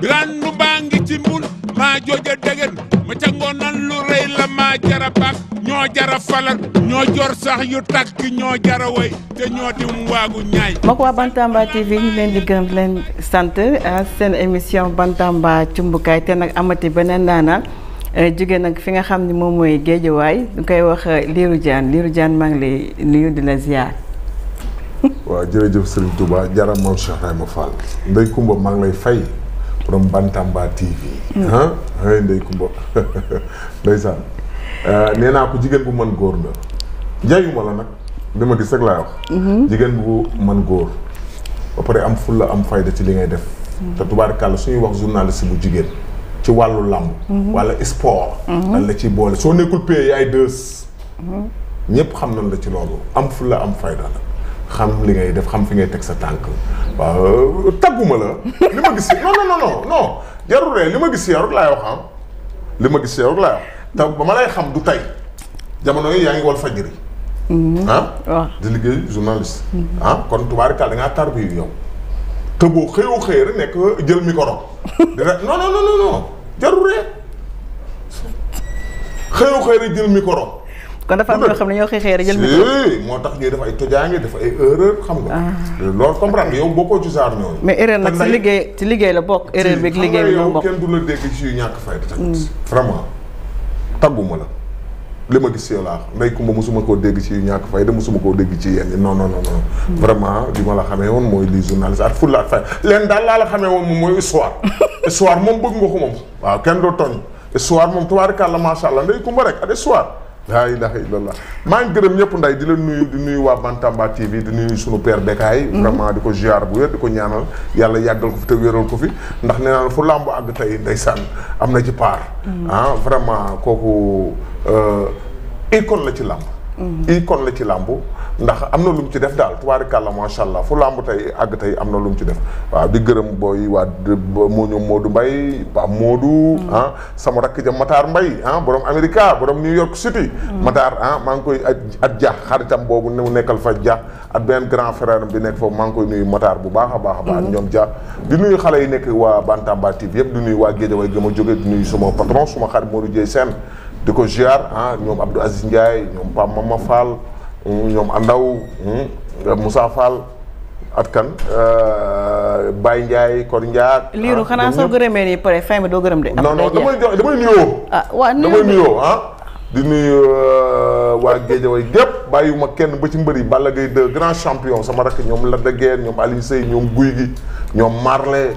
Birane lu baa ngi ci mbuul maa jooja degen ma ca ngoonan lu rëy la maa jara baax ñoo jara falal ñoo jor sax yu tàkk ñoo jara way te ñoo dim waagu ñaay moo ko waa Bantamba TV sant ah, seen émission Bantamba cumbukaay te nag amati beneen naanaan eh, jóge fi nga xam ni moom mooy géejuwaay du koy wax eh, Lirou Diane Lirou Diane maa ngi lay nuyu di la ziar. waaw jërëjëf Serigne Touba jaram maam Cheikh Ibrahima Fall Ndeye Kumba maa lay fay borom Bantamba TV. ah mm. ay ndey Kumba ndeysaan euh, nee naa ko jigéen bu mën góor la jayuma la nag li ma gis rek laa wax. Mhm. jigéen bu mën góor ba pare am fulla am fayda ci li ngay def. Mm. te tubaarkàlla su ñuy wax journaliste bu jigéen ci wàllu làmb mhm. wala sport. Mhm. la ciy boole soo nekkul pay ay deux. ñëpp xam nañ la ci loolu am fulla am fayda la. xam li ngay def xam fi ngay teg sa tànk waaw tagguma la li ma gis non non non non jarul li ma gis yow rek laay wax ah. li ma gis yow rek laay te ba ma lay xam du tey jamono yi yaa ngi wal fajiri mm-hmm. ah? di liggéey journaliste mm-hmm. ah kon tubaarikaal da ngaa yow te boo xëyoo xëy rek nekk jël micro dina non non non non jarul rek xëyoo xëy rek jël micro kon dafa am ñoo xam ne ñoo xeexee rek jël moo tax ñuy def ay tojaange def ay erreur xam nga. Ah. loolu comprendre yow bokkoo ci genre ñooñu. mais erreur nag ci liggéey ci liggéey la bokk. erreur bi ak liggéey bi ñoo bokk la dégg ci yu mm. la ma gis si yow laa koo dégg ci yu ñàkk fayda mosuma koo dégg ci yenn non non non non. Mm. vraiment li ma la xamee woon mooy li journaliste ak fulla ak fay leen daal laa la xamee woon moom mooy histoire histoire moom bëgg nga ko moom. waaw kenn doo tooñ histoire moom tubaarikàlla macha allah ndey kumba rek ak histoire laa ilaha illallah maa ngi gërëm ñëpp nday di la nuyu di nuyu waa Bantamba TV di nuyu sunu père Bekaay mhm. vraiment di ko ziar bu wér di ko ñaanal yàlla yàggal ko fi te wéral ko fi ndax nee naa fu làmb àgg tey ndeysaan am na ci paar mhm. ah vraiment kooku euh, icône la ci làmb mhm. icône la ci làmb ndax am na lu mu ci def daal tubaarikàlla macha allah fu làmb tey àgg tey am na lu mu ci def waaw di gërëm booy waa moo ñoom Modou Mbaye ba Modou mm. ah sama rakk ja Matar mbay ah borom America borom New York City mm. Matar ah maa ngi koy at at ja xaritam boobu mu nekkal fa ja ak benn grand frère bi nekk foofu maa ngi koy nuyu Matar bu baax a baax a baax mm. ñoom ja di nuyu xale yi nekk waa Bantamba TV yëpp di nuyu waa Guédiawaye gi ma jóge di nuyu sama patron suma xarit Modou Dieye Sène di ko ziar ah ñoom Abdou Aziz Ndiaye ñoom Pape Mama Fall Mm, ñoom Andaw mm, euh, Moussa Fall at kan euh, Baye Ndiaye Kor Ndiak. liiru ah, xanaa soo gërëmee nii pare fin bi doo gërëm de. am non non damay damay nuyoo. ah waa nuyoo damay nuyoo ah. di nuyu euh, waa Guédiawaye gépp bàyyiwuma kenn ba ci mbër yi Balla Gaye 2 grand champion sama rakk ñoom Lac de Guiers ñoom Alioune Seye ñoom guy Gui ñoom Marley.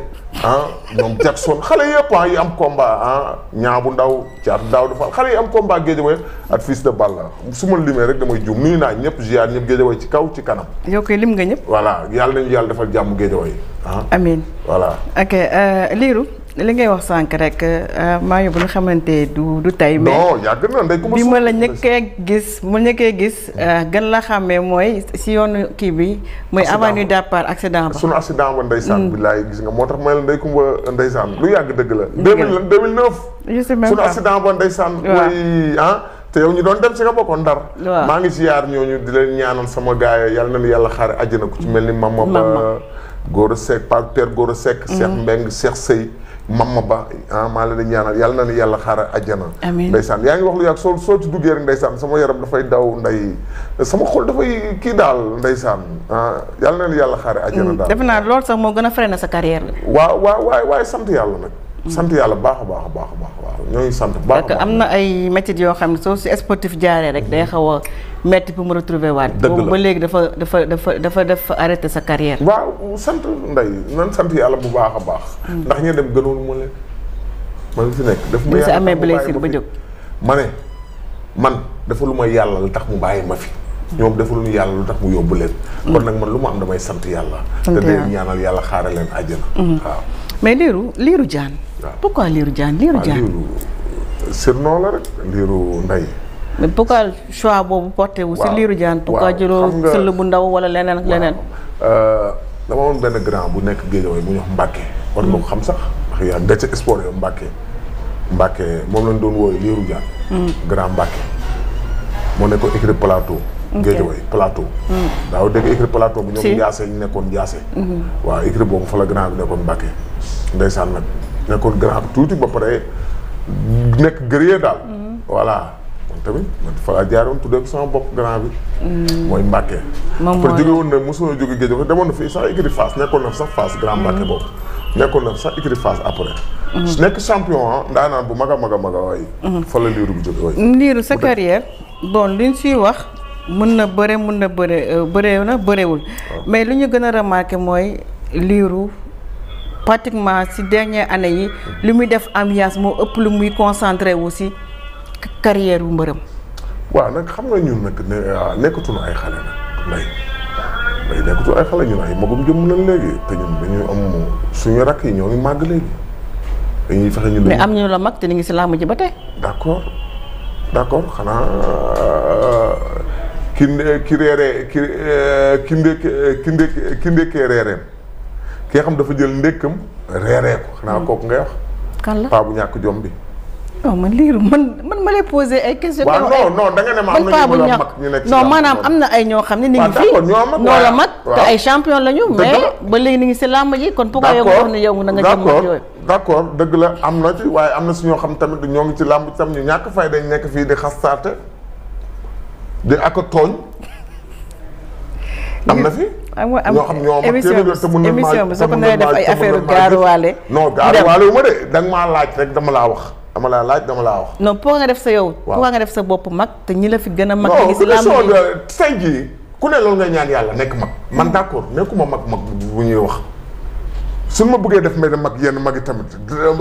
ah ñoom Jackson xale yëpp ah yi am combat ah ñaabu ndaw caatu daaw dafa xale yi am combat Guédiawaye at fils de Balla su ma limee rek damay juum nuyu naa ñëpp ziar ñëpp Guédiawaye ci kaw ci kanam. yow koy lim nga ñëpp. voilà yàlla nañu yàlla defal jàmm Guédiawaye ah. amiin voilà. ok euh, Lirou. li ngay wax sànq rek Mario bu ñu xamante du du tey. mais bi ma la ñëkkee gis ma ñëkkee gis hmm. euh, gën la xàmmee mooy si yoonu kii bi. mooy avenue départ accident ba. sunu accident ba ndeysaan hmm. bi laay gis nga moo tax may la ndey kumba ndeysaan hmm. lu yàgg dëgg la. 2009. je sais même sunu accident ba ndeysaan. Ah, te yow ñu doon dem si nga bokkoon ndar maa ngi ziar ñooñu di leen ñaanal sama gaay yal na li yàlla xaare àjjana ku ci mel ni mama ba góor a sekk pa père góor a sekk seex seex sëy Mamma Ba ah maa la di ñaanal yàlla na leen yàlla xaaral àjjana. amiin ndeysaan yaa ngi wax lu yàgg soo soo ci duggee rek ndeysaan sama yaram dafay daw ndey sama xol dafay kii daal ndeysaan ah yàlla na leen yàlla xaaral àjjana mm, daal. defe naa loolu sax moo gën a freiné sa carrière la. waaw waaw waaye waaye sant yàlla nag. Mm. sant yàlla baax a baax a baax a baax ñoo ngi sant. baax a baax am na ay métiers yoo xam ne soo si sportif jaaree rek day xaw a. metti pour mu retrouver waat. dëgg ba léegi dafa dafa dafa dafa def arrêté sa carrière. waaw sant nday nan sant yàlla bu baax a baax. Hmm. ndax ña dem gënoon mu leen. man fi nekk daf ma yàlla amee blessure ba jóg. ma ne man dafa lu yàlla lu tax mu bàyyi ma fi. Hmm. ñoom defalu ñu yàlla lu tax mu yóbbu leen. Hmm. kon nag man lu mu am damay sant yàlla. te dee ñaanal yàlla xaaral leen àjjana. waaw mais liiru liiru jaan. waaw pourquoi liiru jaan liiru jaan. waaw liiru surnom la rek liiru nday mais pourquoi choix boobu porté wu. waaw si liiru jaan pourquoi jëloo sëll bu ndaw wala leneen ak leneen. Euh, dama woon benn grand bu nekk Guédiawaye bu ñu wax xam sax ndax yaa nga ca sport moom lañ doon wooyu liiru jaan. Hmm. grand Mbacke. moo nekkoon écrit plateau. Guédiawaye plateau. Hmm. daaw dégg écrit plateau bu ñoom Ndiasse ñu nekkoon Ndiasse. Hmm. waaw écrit boobu fa la grand bi nekkoon Mbacke. ndeysaan nag nekkoon grand tuuti ba pare nekk gërëyee daal. voilà. tamit man fa laa jaaroon tuddee ko sama bopp grand bi. Mm. mooy Mbacke. moom mooy jóge woon na mosoo jóge géej wax demoon na fi sax écurie Fass nekkoon na sax Fass grand Mbacke mm. boobu. nekkoon na sax écurie Fass après. Mm. nekk champion ah ndaanaan bu mag a mag a mag a waay. fa la liiru bu jóge waay. liiru sa carrière bon liñ siy wax. mën na bëre mën na bëre euh, bëre na bërewul mais li ñu gën a remarqué mooy liiru pratiquement ci dernière année yi li muy def ambiance moo ëpp lu muy concentré wu si carrière wu mbërëm. waaw nag xam nga ñun nag ne ah, nekkatuñu ay xale nag mbay mbay nekkatuñu ay xale ñun ay magum jëm nañ léegi te ñun dañuy am suñu rakk yi ñoo ngi màgg léegi dañuy fexe ñu. mais am mag te ni ngi si làmb ji ba tey. d'accord d'accord xanaa ki euh, ki reeree ki ki euh, ndek ki ndek reereem ki xam dafa jël ndekkam reeree ko xanaa hmm. kooku ngay wax. kan bu ñàkk jom bi. non man liiru man man ma lay posé ay questions. waaw non non da nga ne ma am na ñu mag ñu nekk maanaam am ñoo xam ne. ni ngi fi ñoo la mag te ay champion la ñu. mais ba léegi ni ngi si làmb yi kon. pourquoi yow nga wax ne yow na nga jëm yooyu. d' accord dëgg la am na waaye am na si ñoo xam tamit ñoo ci làmb ci tam ñàkk fay dañ nekk fii di xastaate di ak tooñ. am na fi ñoo xam ñoo ma téeméer te mun na maa émission bi soo ko naree def ay affaire gaaruwaale. non de da maa laaj rek dama laa wax dama laaj dama laa wax. non pour def sa yow. waaw pour nga def sa bopp mag te ñi la fi gën a. mag ci islam non tey jii ku ne loolu ngay yàlla nekk mag. man d' accord nekkuma mag mag bu ñuy wax ma bëggee def may mag yenn mag tamit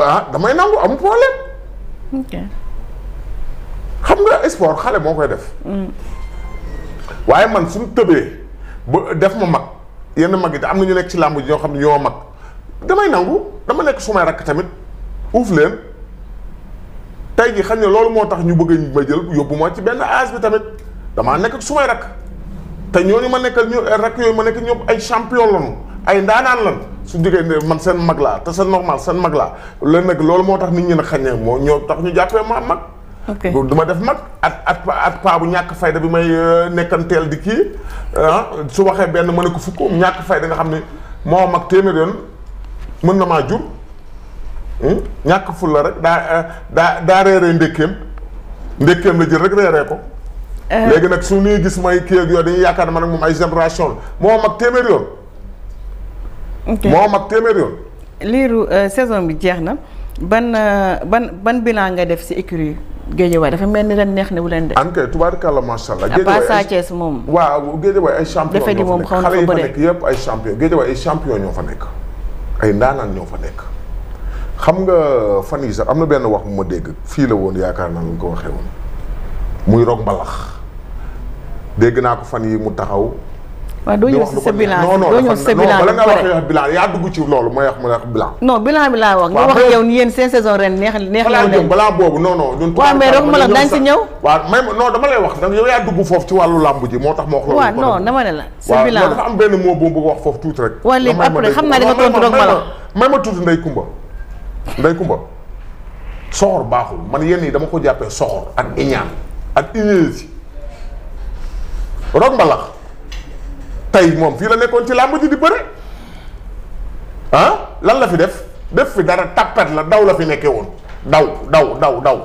ah damay nangu am problème. xam nga sport xale moo koy def. Mm. waaye man suñu tëbee ba def ma mag yenn mag yi am na ñu nekk ci làmb ji ñoo xam ne ñoo mag damay nangu dama nekk sumay rakk tamit uuf leen. tey ji xam ne loolu moo tax ñu bëgg ma jël yóbbu ma ci benn âge bi tamit damaa nekk su may rakk te ñooñu ma nekkal ñu rakk yooyu ma nekk ñoom ay champion lañu ay ndaanaan lañu su diggee man seen mag laa te c'est normal seen mag laa léegi nag loolu moo tax nit ñi ne xañee moo ñoo tax ñu jàppee ma mag ok du def mag at at at bu ñàkk fayda bi may euh, nekkanteel di kii ah, su waxee benn mën a ko fukk ñàkk fayda nga xam ne moo mag téeméer yoon mën na maa jur Hmm? ñàkk fulla rek daa eh, daa daa reeree ndékkeem ndékkeem la jël rek reeree ko. Eh. léegi nag su ñuy gis may kii ak yow dañuy yaakaar man ak moom ay génération la moo mag téeméer yoon. moo mag liiru eh, saison bi jeex na ban ban ban bilan nga def ci écurie Guédiawaye dafa mel ni ren neex na wu leen de. ankay tubaarkalla macha allah. Guédiawaye à part waaw Guédiawaye ay champion ñoo fa nekk xale yëpp ay champion Guédiawaye ay ñoo fa nekk ay ndaanaan ñoo fa nekk. xam nga fan yii sax am na benn wax bu ma dégg fii la woon yaakaar na naa lu ko waxee woon muy rog mbalax dégg naa ko fan yi mu taxaw. waaw doo ñëw si sa bilan non non bala nga bilan mooy wax mu wax bilan. non bilan bi laa wax nga wax yow ni yéen seen saison ren neex neex la leen balaa boobu non non ñun waaw dama lay wax nag yow yaa dugg foofu ci wàllu làmb ji moo tax ma wax loolu waaw non ne la sa bilan waaw dafa am bu bëgg wax foofu tuuti rek waaw léegi après xam naa di nga tontu rog mbalax may ma tuuti ndey kumba Ndeye Kumba soxor baaxul man yenn yi dama ko jàppee soxor ak iñaan ak inési rog mbalax tey moom fii la nekkoon ci làmb ji di bëre ah lan la fi def def fi dara tapet la daw la fi nekkee woon daw daw daw daw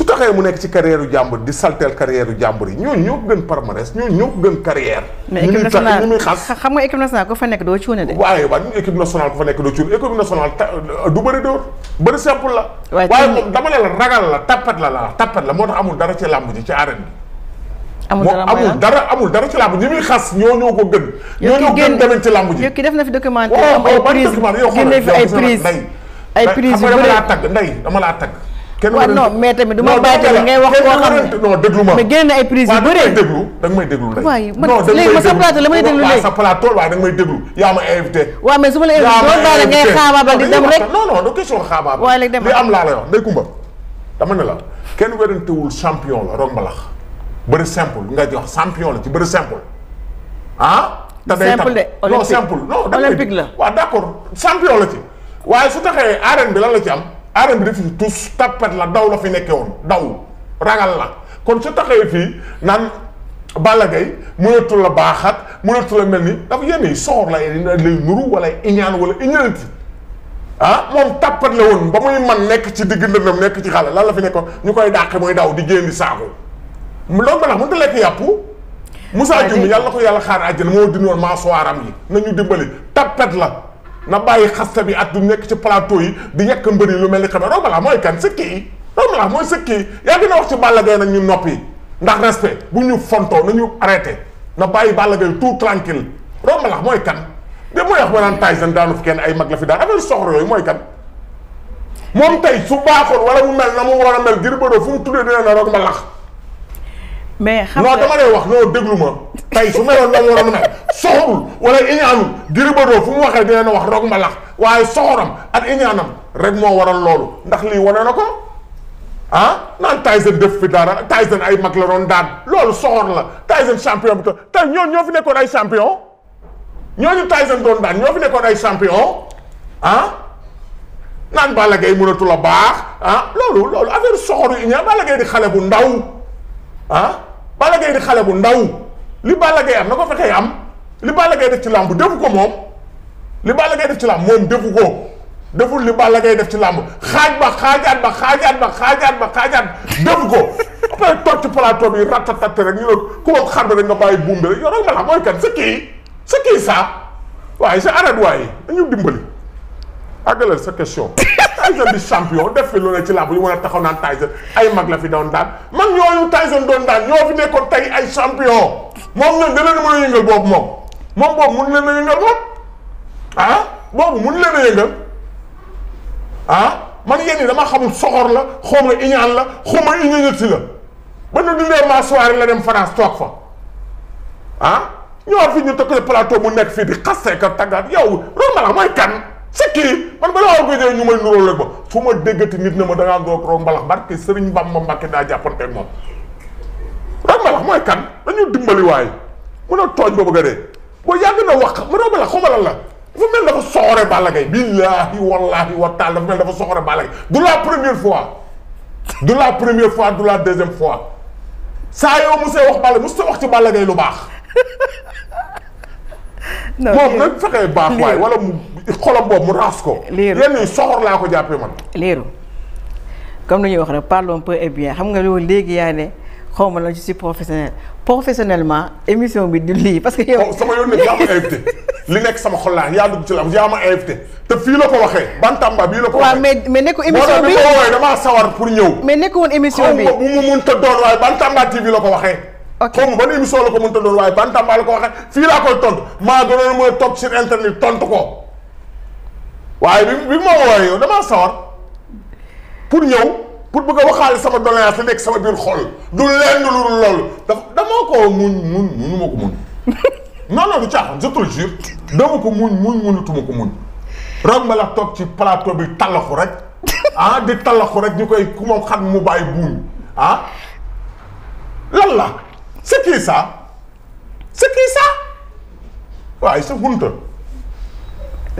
su taxee mu nekk ci carrière yu jàmbur di salteel carrière yu jàmbur yi ñoo ñoo gën palmarès ñoo ñoo gën carrière. mais équipe nationale ko fa nekk doo cuune de. waaye waaye ñun équipe nationale ko fa nekk doo cuune équipe nationale euh, du bëri dóor bëri la. waaye moom dama ne la ragal la tapet la la tapet la moo tax amul dara ci làmb ji ci arène bi. amul dara amul dara amul dara ci làmb muy xas ñoo ñoo ko gën. ñoo ñoo gën demee ci làmb ji yow def na fi documentaire. am ay prise génne fi ay dama laa dama laa tagg kenn waaw non mais tamit du ma bàyyi tamit ngay wax koo xam ne non déglu ma mais génn na ay prise yu bëree déglu da nga may déglu rek waaye man léegi la may déglu sa plateau waaye da ma invité waaw la champion la roog mbalax champion la ah? simple de olympique la waaw d'accord champion la ci waaye su taxee arène bi lan la ci am arène bi defu fi tous tapet la daw la fi nekkee woon daw ragal la kon su taxee fii naan Balla Gaye mënatul la baaxat mënatul la mel ni dafa yenn yi soxor lay lay nuru wala iñaan wala iñaanti ah moom tapet la woon ba muy man nekk ci digg ndëndam nekk ci xale lan la fi nekkoon ñu koy dàqe mooy daw di génn saako loolu ba tax mënut a lekk yàpp Moussa Dioum yàlla ko yàlla xaar àjjana moo dindi woon maa soo aram yi nañu dimbali tapet la na bàyyi xasta bi at du nekk ci plateau yi di yekk yi lu mel ni xam ne Rongelaax mooy kan sëkki yi Rongelaax mooy sëkki yi yaa gën a wax ci Balla Gaye nag ñu noppi ndax respect bu ñu na nañu arrêté na bàyyi Balla Gaye tout tranquille Rongelaax mooy kan de mooy wax ma naan Tyson ay mag la fi daan affaire soxor yooyu mooy kan moom tey su baaxoon wala mu mel na mu war a mel Gris Bordeaux fu mu tuddee dina ne Rongelaax mais xam dama lay wax non déglu ma tey su meloon la mu waroon a mel soxorul wala iñaanul Gris fu mu waxee dina ne wax rog ma lax waaye soxoram ak iñaanam rek moo waral loolu ndax lii wane na ko ah naan Tyson def fi dara Tyson ay mag la doon daan loolu soxor la Tyson champion bu tey ñooñu ñoo fi nekkoon ay champion ñu Tyson doon daan ñoo fi nekkoon ay champion ah naan Balla Gaye mënatu la baax ah loolu loolu affaire soxoru iñaan Balla bu ndaw ah. Balla Gaye di xale bu ndaw li Balla Gaye am na ko fekkee am li Balla Gaye def ci làmb defu ko moom li Balla Gaye def ci làmb moom defu ko deful li Balla Gaye def ci làmb xaaj ba xaajaat ba xaajaat ba xaajaat ba xaajaat defu ko après toog ci plateau bi yi rek ñu ne ku moom xar bi rek nga bàyyi buum bi rek yow rek ma la mooy kan c'est qui c'est qui ça waaye c'est arrête waaye dañu àggaleel sa question Tyson di champion def fi lu ne ci làmb yu mën a taxaw naan Tyson ay mag la fi doon daan mag ñooñu Tyson doon daan ñoo fi nekkoon tey ay champion moom nag dana mën a yëngal boobu moom moom boobu mun leen a yëngal moom ah boobu mun leen a yëngal ah man yenn dama xamul soxor la xaw ma iñaan la xaw ma iñaanati la ba nu dundee ma soirée la dem France toog fa ah ñoo fi ñu tëkkale plateau mu nekk fii di xasee c'est kii man ba laa war a ñu may nuróo rek ba fu ma déggati nit na ma da ngaa góog roo mbalax barke Sëriñ Bamba Mbàkke daa jàppante ak moom. roo mbalax mooy a tooñ ba bëgg a dee boo yàgg na wax mu roo mbalax la dafa mel dafa soxore Balla Gaye billaahi wallaahi wa taala dafa mel dafa fois du la première fois du la deuxième fois saa yoo mosee wax Balla ci Balla lu baax. moom nag fexee baax waay wala mu. xolam boobu mu raas ko. lii yenn yi laa ko jàppee man. leeru comme ni ñuy wax rek parlons peu et xam nga loolu léegi yaa ne xaw ma la je suis professionnel professionnellement émission bi du lii parce que. yow oh, sama yoon nag yaa ma li nekk sama xol laa yaa dugg ci la yaa ma invité te fii la ko waxee bantamba bii la ko. waxee waaw mais mais nekkul émission bi moo damaa sawar mais nekkul woon émission bi xaw ma bu mu doon waaye bantamba TV la ko waxee. ok xaw ma la ko mënta doon waaye bantamba ko. waaye bi bi ma woowee yow damaa sawar pour ñëw pour bëgg a waxaale sama doléance la nekk sama biir xol du lenn lu dul loolu dafa damaa ko muñ muñ munu ma ko muñ non non du caaxaan je te le ko muñ muñ munutuma ko muñ rek ma la toog ci plateau bi tallaxu rek ah di tallaxu rek ñu koy ku moom xam mu bàyyi buum ah lan la c'est qui ça c'est qui waaye sa hunta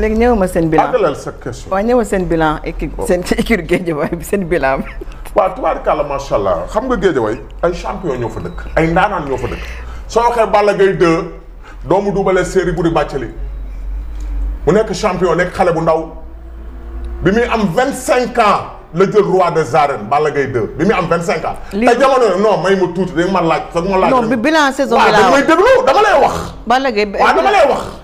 léegi ñëw ma seen bilan àggalal sa question. waaw ñëwal seen bilan oh. équipe seen équipe Guédiawaye bi seen bilan bi. waaw tubaarkàlla macha allah xam nga Guédiawaye ay champion ñoo fa dëkk. ay ndaanaan ñoo fa dëkk. soo waxee Balla Gaye 2 doomu bu mu nekk champion nekk xale bu ndaw bi muy am vingt cinq ans la jël roi des arènes Balla Gaye 2 bi muy am vingt cinq ans. lii te jamono non may ma tuuti ma laaj. foog ma laaj non bi bilan saison bi laa dama lay déglu dama lay wax. Balla dama lay wax.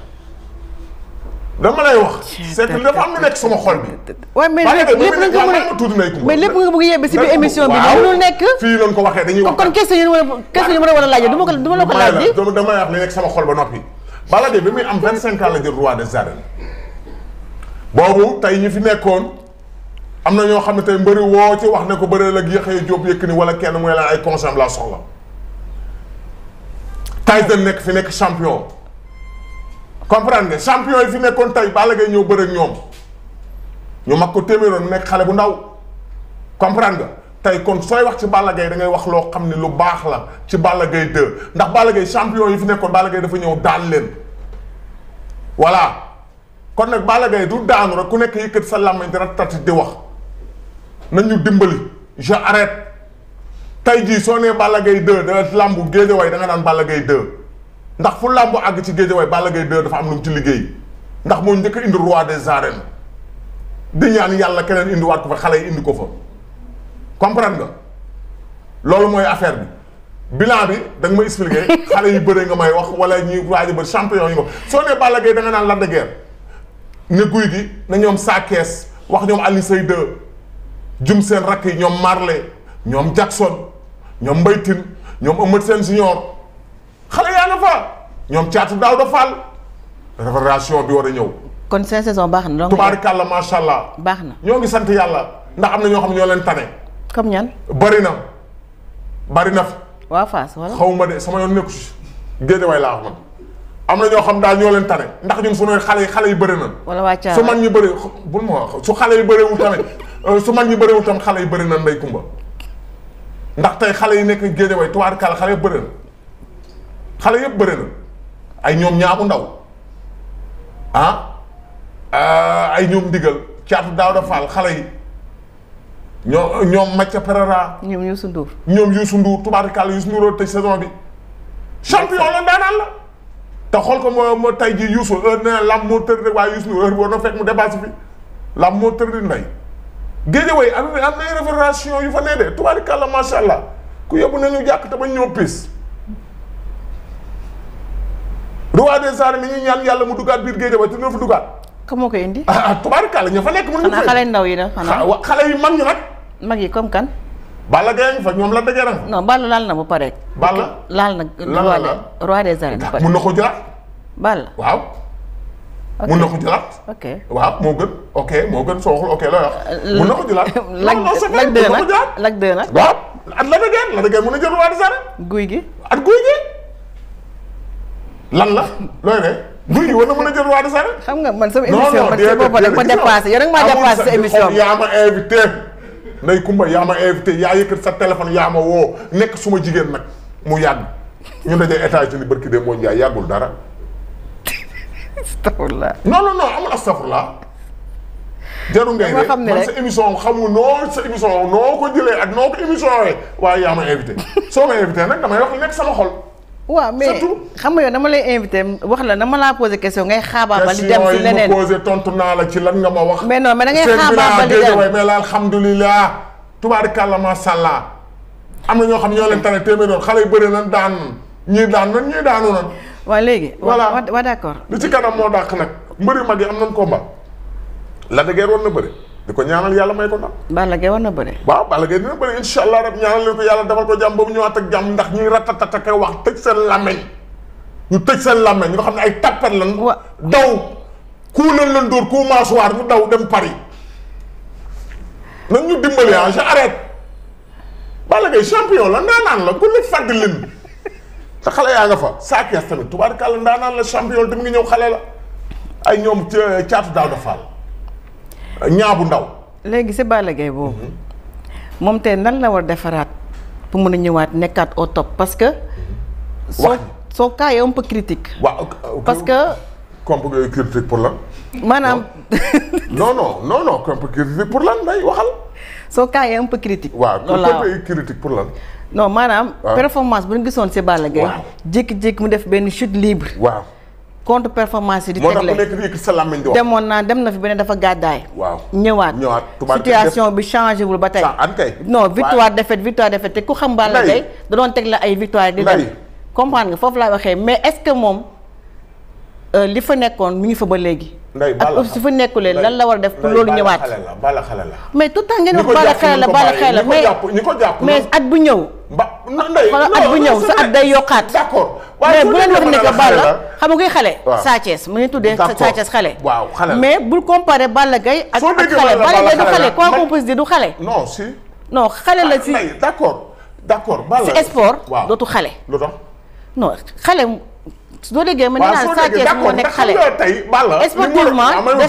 dama lay wax. c'est que dafa am lu nekk sama xol bi. waaw mais lépp lañ ko mën a tuuti nay mais lépp nga bëgg a yebbi si biir émission bi. waaw mënul nekk fii lañ ko waxee dañuy wax kon question yi war question yi mën a war a ko du ma dama lay wax li nekk sama xol ba noppi. Balla Gaye bi muy am 25 ans la jël roi des arènes boobu tey ñu fi nekkoon am na ñoo xam ne tey mbëri woo ci wax ne ko bëri la yéexee Diop Yékini wala kenn mooy la ay conseil la soxla da nekk fi nekk champion comprendre nga champion yi fi nekkoon tay Balla Gaye ñëw bëre ak ñoom ñu mag ko téeméeroon nekk xale bu ndaw comprendre nga tey kon sooy wax ci Balla Gaye da ngay wax loo xam ne lu baax la ci Balla Gaye ndax Balla Gaye champion yi fi nekkoon Balla Gaye dafa ñëw daan leen voilà kon nag Balla Gaye du daanu rek ku nekk yëkkat sa làmmañ dara di wax nañu dimbali je arrête tey jii soo nee Balla Gaye 2 da lambu géejawaay da nga naan Balla Gaye 2 ndax fu làmbu àgg ci géejawaay Balla Gaye 2 dafa am lu ci liggéey ndax moo njëkk indi roi des arènes di ñaan yàlla keneen indiwaat ko fa xale yi indi ko fa comprend nga loolu mooy affaire bi bilan bi da may ma expliquer xale yi bëre nga may wax wala ñuy waaj ba champion yi nga soo nee Balla Gaye da nga naan Lac ne guy gi na ñoom Sakees wax ñoom Alioune Seye 2 jum seen rakk yi ñoom Marley ñoom Jackson ñoom Mbaytin ñoom Eumeu seen Junior xale yaa nga fa ñoom caatu daaw da faal révélation bi war a ñëw. kon seen saison baax na. donc tubaarkàlla macha allah. baax na ñoo ngi sant yàlla. ndax am na ñoo xam ñoo leen tane. comme ñan. bari na bari na fi. waa Fass wala xaw ma de sama yoon nekku si géejewaay laa wax am na ñoo xam daal ñoo leen tane ndax ñun suñu xale yi xale yi bëri na. wala waa Thiaw su man ñu bëri xale yi bëriwul tamit euh, su man ñu bëriwul tam xale yi bëri na ndey kumba ndax tey xale yi nekk géejewaay tubaarkàlla xale yi bëri na xale yëpp bëri na ay ñoom ñaamu ndaw ah, ah ay ñoom ndigal caatu daaw da faal xale yi ñoom ñoom Mathia Perera. ñoom Youssou Ndour. ñoom Youssou Ndour tubaarikàlla Youssou Ndour la tëj saison bi. champion la ndaanaan la. te xool ko moo moo tey jii Youssou heure nee na lam moo tëdd waaye Youssou ndey. Guédiawaye am am na révélation yu fa nee de tubaarikàlla macha allah ku yóbbu nañu jàkk te ba ñëw piis roi des arènes mi ñuy ñaan yàlla mu duggaat biir géej ba te dina fa duggaat. ka moo indi. Ah, ah tubaarkàlla ña fa nekk mënuñu. xanaa xale yi nag xanaa xale yi mag ñu nag. mag yi comme kan. Balla Gaye fa ñoom la daje na. non Balla ba pare. Balla laal na. laal na roi des arènes ba pare. ko jëlaat. Balla waaw. ok na ko jëlaat. ok waaw moo gën. ok moo gën soo waxul ok la wax. mun na la dëgg la dëgg mun na jël roi des arènes. guy gi ak guy gi. lan la looy rey. guy gi war a jël roi de sare. xam nga man sama émission man ci sa émission yaa ma invité nday Kumba yaa ma invité yaa yëkkat sa téléphone yaa ma suma jigéen nag mu yàgg ñu dajee États-Unis barki de moo njaay yàggul dara. astafurlah. non jaru ngay de man sa émission xamu noo sa émission ko jëlee ak noo ko émission waaye yaa ma invité soo ma invité nag damay wax nekk sama xol. waaw mais xam nga yow dama lay invité wax la dama laa posé question ngay xaabaabal. di dem ci leneen question yi ma posé tontu naa la ci lan nga ma wax. mais non mais da ngay xaabaabal di dem seen mais alhamdulilah. tubaarikàlla macha allah am na ñoo xam ñoo leen tane téeméer doon xale yu bëri nañ daan ñii daan nañ ñii daanu nañ. waaw léegi. voilà wa d' accord. li ci kanam moo dàq nag mbëri mag yi am nañ combat. la dëgër woon na bëri. di ko ñaanal yàlla may ko ndax. Balla Gaye war na bëre. waaw Balla Gaye dina bëre incha allah rab ñaanal leen ko yàlla defal ko jàmm ba mu ñëwaat ak jàmm ndax ñuy ratatatake wax tëj seen làmmeñ ñu tëj seen làmmeñ ñu nga xam ne ay tappat lan daw kuu leen lan daw dem Paris nan ñu dimbali ah j'arrête Balla Gaye champion la ndaanaan la ku ne fàdd leen te xale yaa nga fa saakees tamit tubaarkàlla ndaanaan la champion te mu ngi ñëw xale la ay ñoom caatu daaw dafaal ñaabu ndaw. léegi si Balla Gaye boobu. moom te nan la war defaraat pour mën a ñëwaat nekkaat au top parce que. son son cas est critique. Euh, que. comp critique pour la maanaam. non non non non critique pour lan day waxal. son cas est un peu critique. waaw pour lan. non maanaam. performance bu ñu gisoon si Balla Gaye. jékki-jékki mu def benn chute libre. waaw. contre performance yi di tegle naa dem na fi beneen dafa gàddaay waaw ñëwaat situation bi changé wul ba tey non victoire défaite victoire défaite te ku xam Balla Gaye da doon teg la ay victoire di dem comprendre nga foofu laay waxee mais est-ce que moom euh, li fa nekkoon mu ngi fa ba léegi ak su fa nekkulee lan la war a def pour loolu ñëwaat mais tout temps ngeen wax xale la Balla xale la mais at bu ñëw at bu ñëw sa at day yokkaat. d'accord waaye bu leen wax ni que Balla xam nga koy xale. waaw Sa Thiès mu ngi tuddee Sa Thiès xale. mais bul comparer Balla Gaye ak ak xale Balla Gaye du xale quoi qu'on puisse dire du xale. non si. non xale la ah, si d'accord d'accord sport. dootu xale. lu tax non xale. su doo déggee ma ne naan Sa Thiès moo nekk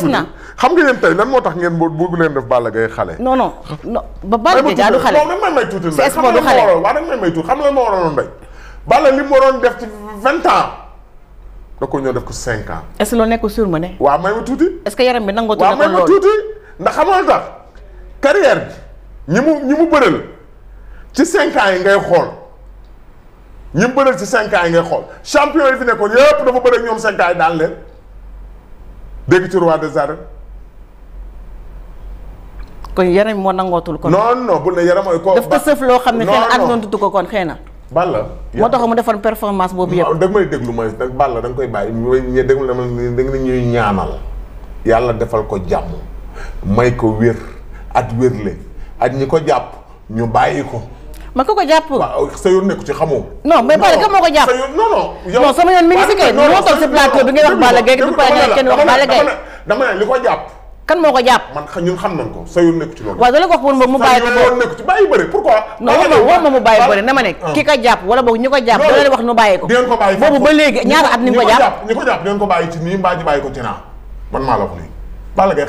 na xam nga leen moo tax ngeen bëgg leen def Balla Gaye xale non non non ba xale non may may tuuti c'est sport du xale waaw nag xam la ma waroon day Balla li mu waroon def ci vingt ans da ko ñëw def ko cinq ans est-ce que loolu nekkul ne waaw may tuuti est-ce que yaram bi nangootu waaw may ma ndax xamal tax carrière bi ñi mu ñi mu bëral ci cinq ans yi ngay xool ñi mu bëre ci cinq ans yi ngay xool champion yi fi nekkoon yëpp dafa bëre ñoom cinq ans yi daan leen dégg ci roi des arènes. kon yaram moo nangootul ko non non bul ne yaram ko. daf ko sëf loo xam ne xëy na ak noonu tudd ko kon xëy na. Balla. moo tax mu defoon performance boobu yëpp. da nga may déglu mooy nag Balla da koy bàyyi ñu déglu da nga ñuy ñaanal. yàlla defal ko jàmm may ko wér at wérle at ñi ko jàpp ñu bàyyi ko. man ko ko jàpp. waaw sa yoon nekk ci xamoo. non mais Balla Gaye ngay sa yoon nekk ci loolu. waaw ma mu bàyyi na ah. ko jàpp wala boog ñi ko jàpp. loolu da la wax nu bàyyi ko. dinañ ko bàyyi boobu ba léegi ñaata at ko jàpp. ñi ko jàpp dinañ ko bàyyi ci nii mbaa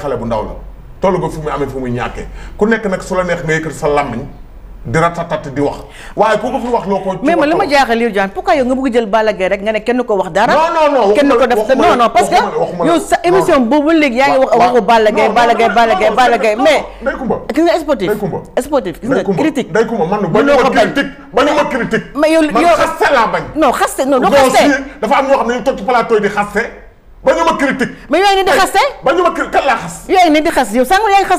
xale bu ndaw la toll ko fu muy amee fu muy ñàkkee ku nekk nag su la neex nga yëkkati sa làmmiñ di ratatat di wax waaye ku a fi wax loo ko. mais ma li ma jaaxal liir Diane pourquoi yow nga bëgg jël Balla Gaye rek nga ne kenn ko wax dara. kenn ko def non non parce ma critique bañu ma critique. mais yow yow laa bañ. non xaste non non xaste dafa am ñoo xam ne ñu toog ci plateau di xaste ba ñu ma mais yooyu ni di xas tey eh? critique xas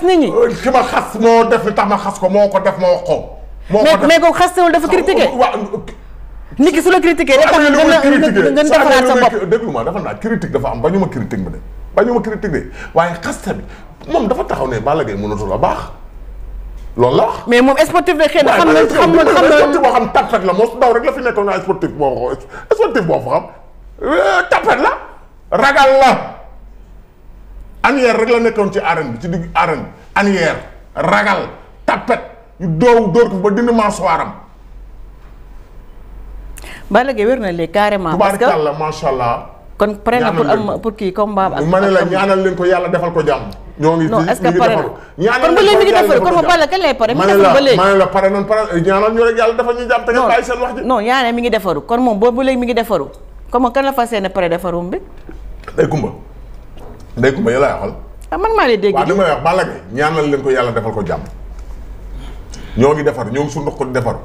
euh, ki ma xas moo def li tax ma xas ko moo ko def ma wax ko moo ko def mais ko xas teewul dafa ah, critiqué euh, euh, ma dafa ma critique de waaye xas tamit moom dafa taxaw ne Balla Gaye mënatul a baax loolu la mais moom sportif de xëy na xam na xam na xam na sportif boo xam tapet la ragal la Anière rek la nekkoon ci arène bi ci digg arène bi Anière ragal tapet ñu doowu dóor ko ba dindi mansoir am Balla Gaye wér na léegi carrément parce que la ñaanal leen ko yàlla ko jàmm. ñoo ngi na kon ba léegi mi ngi lay pare. mi ngi defar ba léegi ma ne la pare noonu pare ñaanal ñu rek yàlla defal ñu jàmm. te ngeen bàyyi seen wax ji non ñaanal mi ngi defaru kon moom boobu léegi mi ngi defaru kon moom kan la fas yéene pare defarum bi. day kumba day kumba yow laay waxal. Ah, man maa lay dégg. waaw li may wax ñaanal leen ko yàlla defal ko jàmm. ñoo ngi defar ñoo ngi suñu ndox ko defar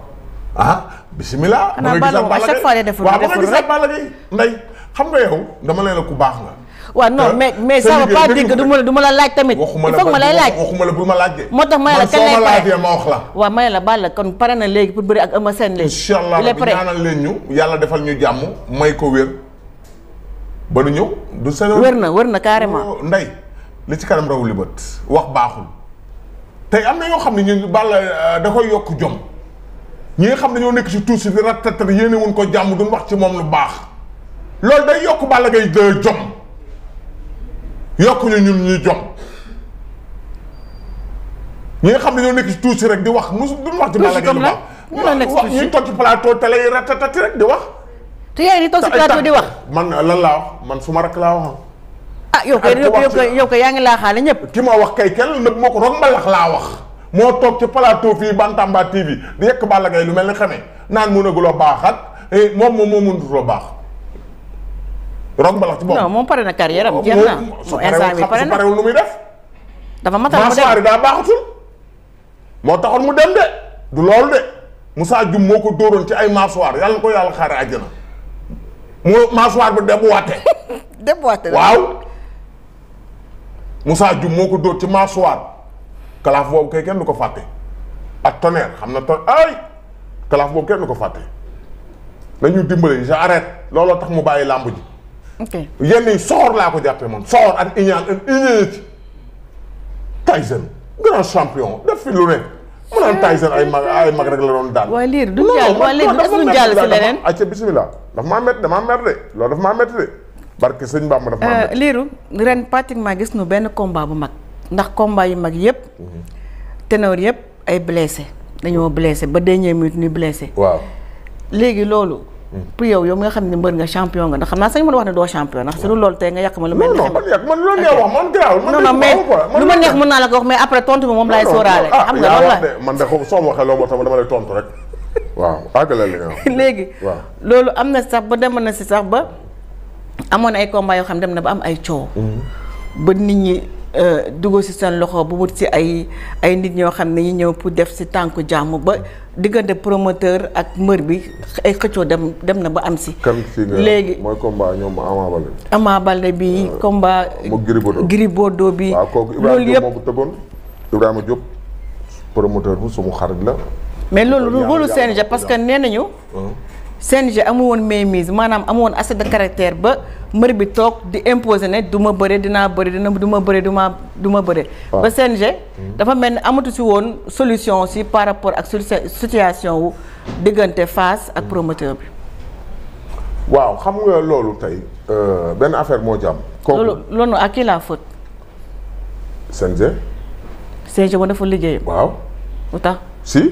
ah bisimilah. xanaa Balla moom à chaque ma nga gis Balla Gaye ndey xam nga yow dama leen la ku baax nga. waaw non ah, mais mais ça va pas dire que du ma la du ma la laaj tamit. waxuma la ma laaj la ma laajee. moo tax ma ne la kan ma wax la. waa ma ne la Balla kon pare na léegi pour bëri ak Eumeu Sène léegi. incha allah ñaanal leen ñu yàlla defal ñu jàmm may ko wér. ba nu ñëw du sañoon wër na wër na carrément oh, nday li ci kanam rawul li bët wax baaxul tey am na yoo xam ne ñu Balla euh, da koy yokk jom ñu nga xam ne ñoo nekk ci tuuti di rattatat yéene wuñ ko jàmm duñ wax ci moom lu baax loolu day yokk Balla Gaye de jom yokk ñu ñu jom ñi nga xam ne ñoo nekk ci tuuti rek di wax musu duñ wax ci Balla Gaye lu baax wax ñuy toog ci plateau télé yi ratatati rek di wax te yaa ngi toog si plateau di wax. man lan laa wax man suma ma rek laa waxoon. ah yow kay yow kay yaa ngi laaxaale ñëpp. ki ma wax kay kenn nag moo ko roog mbalax laa wax. moo toog ci plateau fii Bantamba TV di yekk Balla Gaye lu mel ni xamee naan mënaguloo baax ak eh, moom moom moo mënutuloo baax. roog mbalax ci boppam non moom pare na carrière am jeex na. su parewul nu muy def. dafa matal mu dem daa baaxatul. moo taxoon mu dem de du loolu de ko dóoroon ci ay mâchoire yàlla ko yàlla xaare àjjana mu mâchoire bi déboîté. déboîté waaw. Moussa Dioum moo ko dóor ci mâchoire kalaaf boobu kay kenn du ko fàtte ak tonnerre xam na ton ay kalaaf boobu kenn du ko fàtte nañu dimbale j'arrête looloo tax mu bàyyi làmb ji. ok yenn yi soxor laa ko jàppee man soxor ak iñaan ak iñee ci Tyson grand champion def fi lu ne. mu naan taay seen ay mag ay mag rek la doon daan. waaw liir duñ jàll waaw liir est-ce que euh, pratiquement gis nu benn combat bu mag ndax combat yu mag yëpp. ténor yëpp ay blessé dañoo blessé ba dernière minute ñu blessé. waaw léegi loolu. pour yow yow mi nga xam ne mbër nga champion nga ndax xam naa sax ñu a wax ne doo champion ndax su dul loolu tey nga yàq ma lu mel. non man loolu ngay wax man ma neex mën naa la ko wax mais après tontu bi moom laay sóoraale. Ah, de ma léegi loolu am na sax ba dem na si sax ba amoon ay combat yoo xam dem na ba am ay coow. Mm-hmm. ba nit ñi Euh, dugg si seen loxo bu wut si ay ay nit ñoo xam ne ñu ñëw pour def si tànku jàmm ba diggante promoteur ak mbër bi ay xëccoo dem dem na ba am si. léegi mooy combat ñoom Ama bi euh, combat. moom Gris Bordeaux Gris Bordeaux bi. waaw kooku Ibrahima Diop moo ko tëggoon Ibrahima promoteur bu sumu xarit la. mais loolu rôle CNG parce que nee nañu. CNG amul woon mise maanaam amul woon assez de caractère ba mbër bi toog di imposer ne du ma bëre dinaa bëre dina duma ma bëre du ma du ma bëre. ba CNG. Hmm. dafa mel ni amatu si woon solution si par rapport ak situation wu diggante Fass ak hmm. promoteur bi. waaw xam nga loolu tey euh, benn affaire moo ci am. loolu loolu à qui la faute. CNG. CNG moo deful liggéeyam. waaw lu tax. si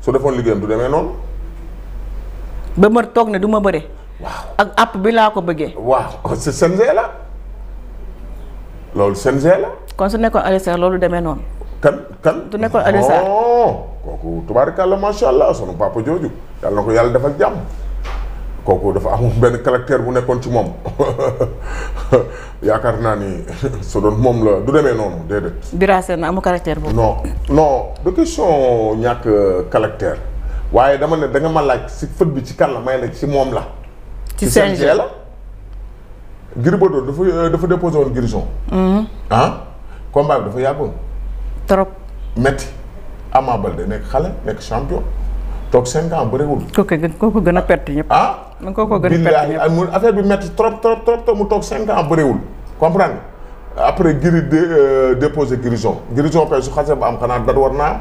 su defoon liggéeyam du demee noonu. ba ma toog ne du ma bëre. waaw ak app bi laa ko bëggee. waaw c'est sensé la loolu sensé la. kon su nekkoon Alioune loolu demee noonu. kan kan su nekkoon Alioune Sarr kooku tubaarikàlla macha allah sunu papa jooju yàlla na ko yàlla defal jàmm. kooku dafa amoon benn caractère bu nekkoon ci moom yaakaar naa ni su doon moom la du demee noonu déedéet. Bira Sène amul caractère boobu. non non de question ñàkk caractère. waaye dama ne da nga ma laaj si fët bi ci kan la may la ci moom la. ci CNG la. Gris Bordeaux dafa euh, dafa déposé woon guérison. Mm-hmm. ah combat bi dafa yàggoon. trop metti Ama Baldé nekk xale nekk champion toog cinq ans bëriwul. kooku gën kooku gën a ah. perte ñëpp. ah kooku gën a perte ñëpp mu affaire bi metti trop trop trop trop mu toog cinq ans bëriwul comprendre après Gris euh, déposé guérison su xasee ba am xanaa dat war naa.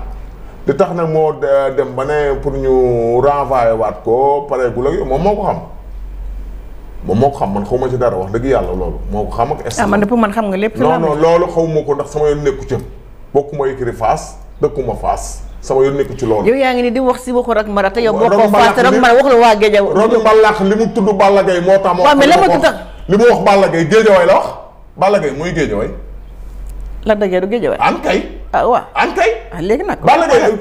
di tax nag moo eh, dem ba ne pour ñu renvoyer waat ko pareegul ak yow moom moo ko xam moom moo ko xam man xaw ma ci dara wax dëgg yàlla loolu moo ko xam ak. est ah, man pour man xam nga lépp. non non loolu xaw ma ko ndax sama yoon nekku ca bokkuma yëkkati faas dëkkuma faas. sama yoon nekku ci loolu. yow yaa ngi ni di wax si waxu rek mara te yow. bokkoo faas te rek mara wax la waa li mu tudd Balla Gaye moo tax. moo tax li mu wax li mu wax Balla Gaye Géejawaay la wax Balla Gaye muy Géejawaay. la dëggee du Géejawaay. an kay. ah waaw an kay. Ah, léegi nag. Balla Gaye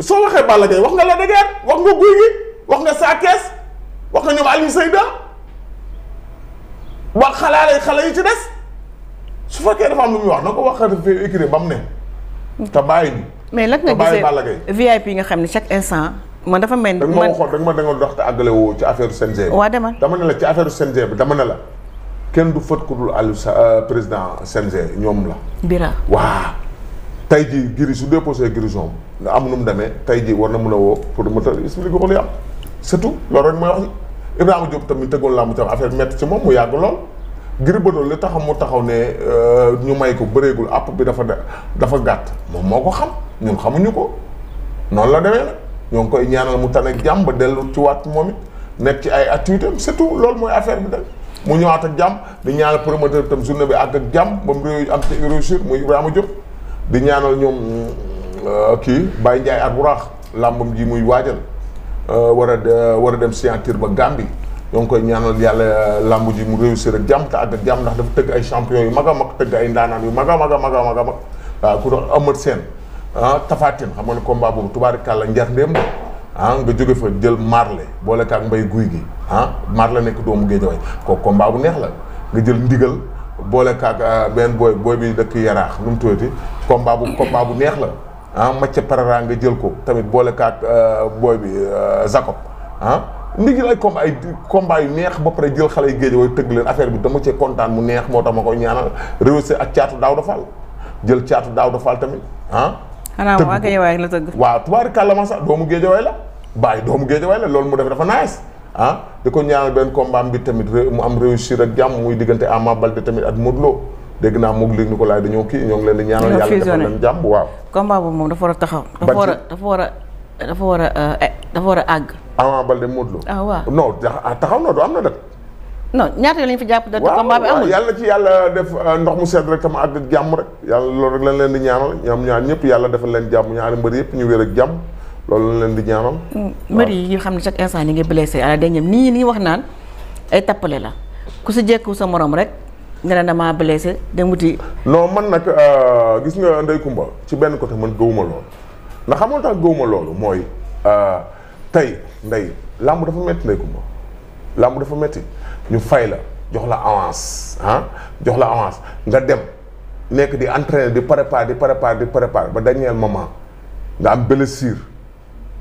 soo waxee Balla wax nga la dëgër wax nga guy gi wax nga saa kees wax nga ñoom Aliou Seyda wax xalaale xale yi ci des su fekkee dafa am lu muy wax na ko wax dafay écrit ba mu ne. te bàyyi mais lan nga gisee VIP yi nga xam ne chaque instant. man dafa mel man da nga ma waxoon da dox te àggale woo ci affaire CNG bi. waaw demal dama ne la ci affaire CNG bi dama ne la kenn du fët ku dul sa euh, président CNG ñoom la. Bira waaw. tey jii Gris su déposé Grisom nga am nu mu demee tey jii war na mën a woo pour mu expliquer ko li am surtout loolu rek mooy wax Ibrahima Diop tamit tëggoon affaire métti ci moom mu yàgg lool. Gris Bordeaux li taxaw mu taxaw ne euh, ñu may ko bëreegul àpp bi dafa dafa gàtt moom moo ko xam ñun xamuñu ko noonu la demee ñoo ngi koy ñaanal mu tane jàmm ba dellu ci moom it ci ay activité am surtout loolu mooy affaire bi nag. mu ñëwaat ak jàmm di ñaanal promoteur tam journée bi àgg jàmm ba mu réew am ci réussir muy Ibrahima Diop. di ñaanal ñoom euh, kii Baye Ndiaye ak Buraax làmbam ji muy waajal euh, war a war a dem signature ba Gambie ñoo ngi koy ñaanal yàlla làmb ji mu réussir ak jàmm te àgg ak jàmm ndax dafa tëgg ay champion yu mag a mag tëgg ay ndaanaan yu mag a mag a mag a mag waaw ku doon Amath Sène ah Tafatine xam nga ne combat boobu tubaarikàlla njar ndéem ah nga jóge fa jël marle boole kaak mbay guy gi ah marle nekk doomu géejawaay kooku combat bu neex la nga jël ndigal. boole kaak euh, benn booy booy bi dëkk yaraax nu mu tuddati combat bu kombaa bu neex la ah macca parara nga jël ko tamit boole kaak euh, booy bi euh, Jacob ah ndigi ay combat ay combat yu neex ba pare jël xale yu géej way tëgg leen affaire bi dama cee kontaan mu neex moo tax ma koy ñaanal réussir ak caatu daaw dafal jël caatu daaw dafal tamit ah xanaa waa géejawaay la tëgg waaw tubaarikàlla ma sax doomu géejawaay la bàyyi doomu géejawaay la loolu mu def dafa nice ah di ko ñaanal benn combat bi tamit mu am réussir ak jàmm muy diggante Ama Baldé tamit ak Modou Lo dégg naa moog léegi ni ko laaj dañoo kii ñoo ngi leen di ñaanal yàlla defal leen jàmm waaw. combat boobu moom dafa a taxaw. dafa a dafa war a dafa war a eh, dafa war a àgg. Ama Baldé Modou Lo. ah waaw non ah, taxaw na du am na dëkk. non ñaata lañ fi jàpp dëkk yàlla ci yàlla def euh, ndox mu sedd rek tam àgg jàmm rek yàlla loolu rek lañ leen di ñaanal ñoom ñaan ñëpp yàlla defal leen jàmm ñaari mbër yëpp ñu wér ak jàmm loolu leen di ñaanal. Mm, mbër yi nga xam ne chaque instant ñi ngi blessé à la dernière nii nii wax naan ay tappale la ku si jekku sa morom rek nga ne damaa blessé dem wuti. non man nag euh, gis nga Ndeye Kumba ci benn côté man gëwuma loolu ndax xamoon tax gëwuma loolu mooy euh, tey ndey làmb dafa metti Ndeye Kumba làmb dafa metti ñu fay la jox la avance ah jox la avance nga dem nekk di entraîner di préparer di préparer di préparer ba dernier moment nga am blessure.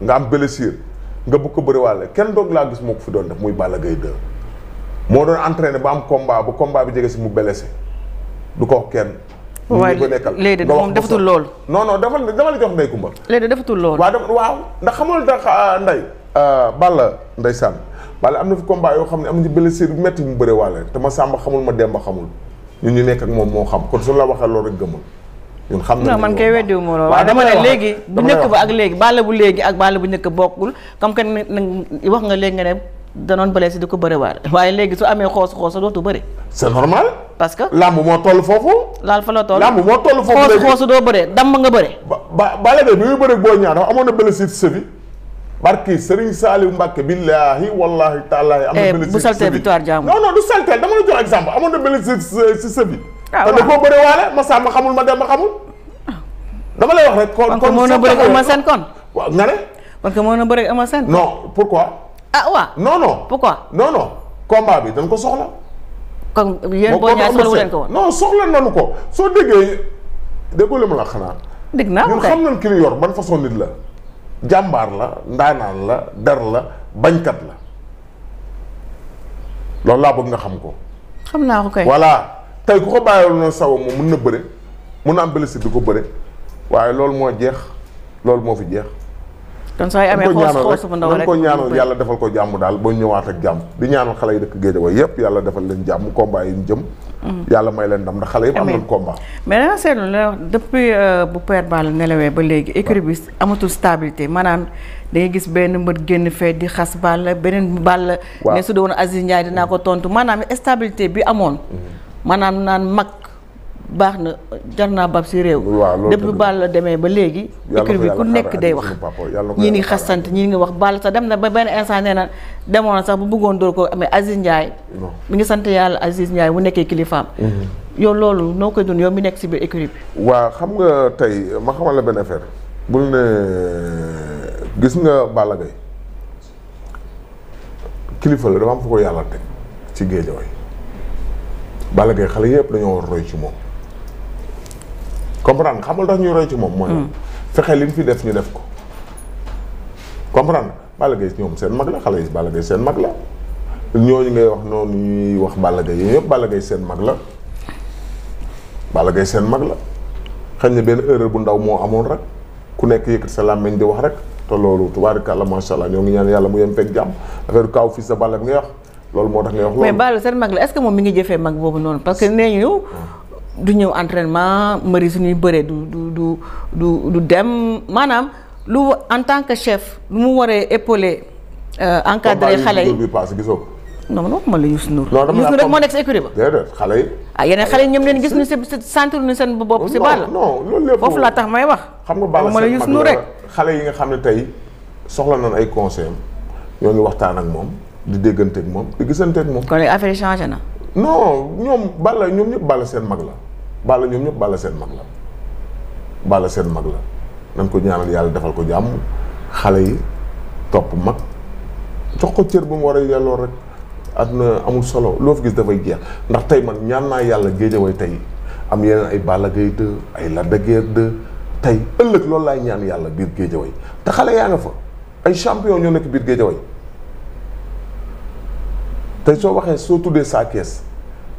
nga am blessure nga bëgg ko bëriwaale kenn doog laa gis moo fi doon def muy Balla gay 2 moo doon entraîné ba am combat ba combat bi jege si mu blessé du ko wax kenn. waaye léegi de moom defatul lool non non dafa dama la jox Ndeye Kumba. léegi defatul lool. waaw dafa waaw ndax xamal tax ah, Ndeye. Ah, Balla Ndeye Sane Balla am na fi combat yoo xam ne am na ci blessure bu métti mu bëriwaale te ma Samba xamul ma Demba xamul ñu ñu nekk ak moom moo xam kon suñu la waxee loolu rek gëmul. ñun xam nañu man kay weddiwu ma loolu waaye dama ne léegi bu njëkk ba ak léegi bàll bu léegi ak bàll bu njëkk bokkul comme que wax nga léegi nga ne danoon bële si di ko bëri waale waaye léegi su amee xoos xoos sa dootu bëri c'est normal que làmb moo toll foofu laal fa la toll làmb moo toll foofu xoos xoos doo bëree damm nga bëri ba bàle de bi muy bëri boo ñaa dafa amoon na bële si sëbi barki Serigne Saliou Mbacke billaahi wallaahi taalaahi am na bële eh, si bu saltee victoire jaamu non du salteel dama la jox exemple amoon na bële si si sëbi Ah, waaw te dafoo bëre waale ma xamul ma dem ma xamul. dama lay wax rek. kon kon mën na bëre ak Eumeu Sène kon. waaw nga ne. kon que mën na bëre ak Eumeu Sène. non pourquoi. ah waaw non non. pourquoi non non. bi dañ ko soxla. kon yéen boo ñaar non ko soo déggee déggoo la ma la xanaa. dégg naa ñun xam nañ la. jàmbaar la ndaanaan bañkat la loolu laa bëgg nga xam ko. xam naa ko kay voilà. tey ku ko bàyyiwoon noonu saw moom mun na bëre mun na am blessure di ko bëre waaye loolu moo jeex loolu moo fi jeex. kon sooy amee xoos xoos bu ndaw rek ko ñaanal ko jàmm daal ba ñëwaat ak jàmm. di ñaanal xale yi dëkk Géejawaay yëpp yàlla defal leen jàmm combat yi ñu jëm. Mm-hmm. yàlla may leen ndam ndax xale yëpp am nañu combat. mais da nga seetlu ne depuis euh, bu Père Ball nelawee ba léegi écurie bi amatul stabilité maanaam da gis benn mbër génn fee di xas Ball beneen Ball. waaw ne su doon Aziz Ndiaye dinaa ko tontu maanaam stabilité bi amoon. Mm-hmm. maanaam naan mag baax na jar naa bab si réew. depuis baal la demee ba léegi. écrit bi ku nekk day wax. ñii ngi xasante ñii ngi wax Balla sax dem na ba benn instant nee na demoon sax bu bëggoon door ko amee Aziz Ndiaye. mi ngi sant yàlla Aziz Ndiaye bu nekkee kilifaam. Mm-hmm. yow loolu noo koy dund yow mi nekk si biir écrit bi. waa xam nga tey ma xamal la benn affaire. bul ne gis nga Balla Gaye kilifa la dafa am fu ko yàlla teg ci géejawaay Balla Gaye xale yëpp dañoo war roy ci moom comprendre xamul dax ñuy roy ci moom. mooy mm. fexe li mu fi def ñu def ko comprendre Balla Gaye ñoom seen mag la xale yi Balla seen mag la ñooñu ngay wax noonu ñuy wax Balla yëpp Balla Gaye seen mag la Balla Gaye seen mag la xëy na benn erreur bu ndaw moo amoon rek ku nekk yëkkat sa làmmiñ di wax rek te loolu tubaarikàlla macha allah ñoo ngi ñaan yàlla mu yem fekk jàmm affaire kaw fii sa Balla ngay wax. loolu moo tax ngay wax loolu mais Balla seen mag la est-ce que moom mi ngi jëfee mag du ñëw entraînement mari suñuy bëree du du du du du dem maanaam lu en tant que chef lu mu waree épauler euh, encadrer xale yi bi paase gisoo non man la Youssou Ndour Youssou Ndour moo xale yi ah yeneen xale yi ñoom leen gis ñu si sentir ñu si Balla non loolu lépp foofu tax may wax xam nga Balla ma la Youssou Ndour rek xale yi nga xam ne tey soxla nañ ay conseil ñoo ngi waxtaan ak moom di dégganteek moom di gisante ak moom. kon léegi affaire yi changé na. non ñoom Balla ñoom ñëpp Balla seen mag la Balla ñoom ñëpp Balla seen mag la Balla seen mag la nañ ko ñaanal yàlla defal ko jàmm xale yi topp mag jox ko cër bu mu war a yelloo rek àdduna amul solo loo fi gis dafay jeex ndax tey man ñaan naa yàlla géejaway tey am yeneen ay Balla Gaye 2 ay Lac de Guiers 2 tey ëllëg loolu laay ñaan yàlla biir géejaway te xale yaa nga fa ay champion ñoo nekk biir géejaway tey soo waxee soo tuddee Sa Thiès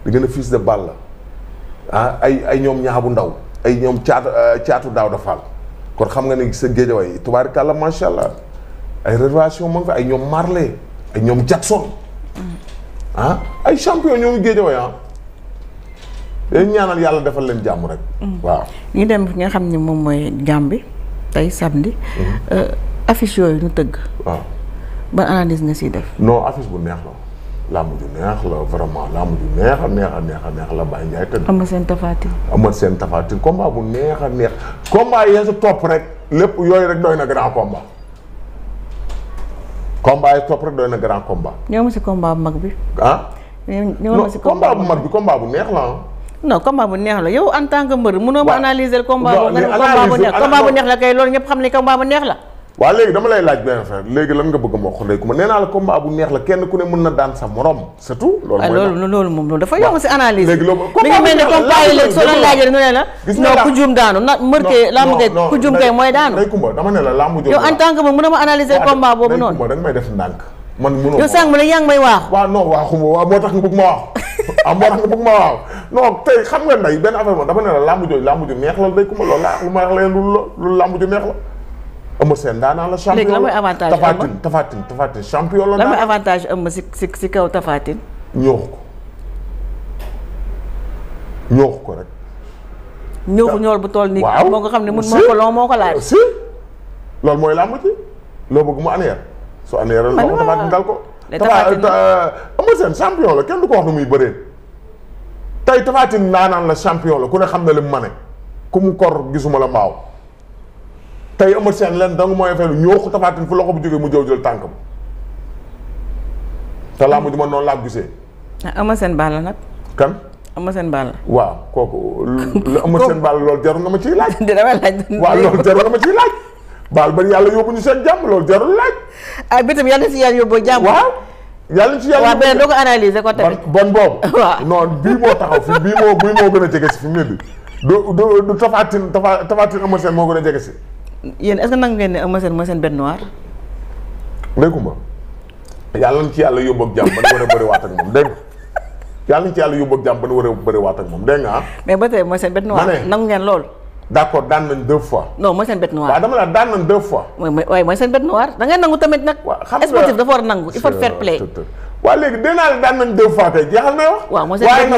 di gën a fils de balle ah ay ay ñoom ñaabu ndaw ay ñoom caatu caatu euh, daaw dafaal kon xam nga ne sa géejawaay tubaarikàlla macha allah ay révélation ma nga ay ñoom Marley ay ñoom Jackson mm. ah ay champion ñoom géejawaay ah dañ ñaanal yàlla defal leen jàmm rek. Mm. waaw ñu dem nga xam ne moom mooy bi tey samedi. Mm-hmm. Euh, affiche yooyu ñu tëgg. waaw ban analyse nga si def. noo affiche bu neex la. làmb ju neex la vraiment làmb ju neex a neex a neex a neex la Baye Ndiaye tëdd. amat seen tafaatin. amat seen tafaatin combat bu neex a neex combat yi sa topp rek lépp yooyu rek doy na grand combat. combat yi topp rek doy na grand combat. ñëw ma si combat bu mag bi. ah. ñëw ma si combat bu mag bi combat bu neex la ah. non combat bu neex la yow en tant que mbër. waaw mënoo ma analyser combat boo. nga ne combat bu neex combat bu neex la kay loolu ñëpp xam ne combat bu neex la. waaw léegi dama lay laaj benn affaire léegi lan nga bëgg a mokk ndey ku ma nee ku ne mën na daan sa morom surtout. loolu ah, mooy loolu loolu gis na mbër kee na ma analyser combat boobu noonu. ndey kumba da nga may def ndànk. man mënoo yow sànq ma moo tax nga bëgg ma waaxu ah moo tax nga bëgg ma waaw non tey xam nga nday benn affaire moom dama ne la làmb jooju làmb ju neex la ndey kumba loolu laa lu ma wax leen lu làmb ju neex la Eumeu Sène daanaa la champion léegi lan mooy avantage champion la. lan mooy kaw Taphatine. ñooxu ko ñooxu ko rek. xam ne mun moo mu aneer su aneeral loo Taphatine champion la kenn du ko wax nu muy bëree. tey Taphatine daanaan la champion la ku ne xam na li mu mane ku mu kor gisuma la mbaaw. tey Eumeu Sène leen danga mooy affaire bi ñoo ko Tapha Tine fu loxo bu jógee mu jëw jël tànkam te laa mu ji man noonu laa gisee. ah Eumeu Sène Balla nag. kan. Eumeu Sène Balla. waaw kooku lu Eumeu Sène Balla loolu jarul nga ma ciy laaj. dina ma laaj. waaw loolu jarul nga ma ciy laaj. baal ba yàlla yóbbu ñu seen jàmm loolu jarul laaj. ah bitim yàlla si yàlla yóbbu jàmm. waaw yàlla si yàlla. waaw beneen doo ko analyser ko tamit. bon boobu. waaw non bii moo taxaw fi gën a jege si fi mu ne du du du Tapha Tine Tapha Tine moo gën a jege si yéen est-ce ngeen ne Eumeu Sène mooy seen bête noire. dégguma yàlla na ci yàlla yóbbu ak jàmm ba nu war a bëriwaat ak moom dégg nga yàlla na ci yàlla yóbbu ak ba nu a bëriwaat ak moom dégg nga ah. mais ba tey mooy seen bête nangu da ngay nangu tamit nag. waaw xam nga sportif dafa war a nangu il faut fair play. waa léegi dee naa la jeexal na wax. mooy seen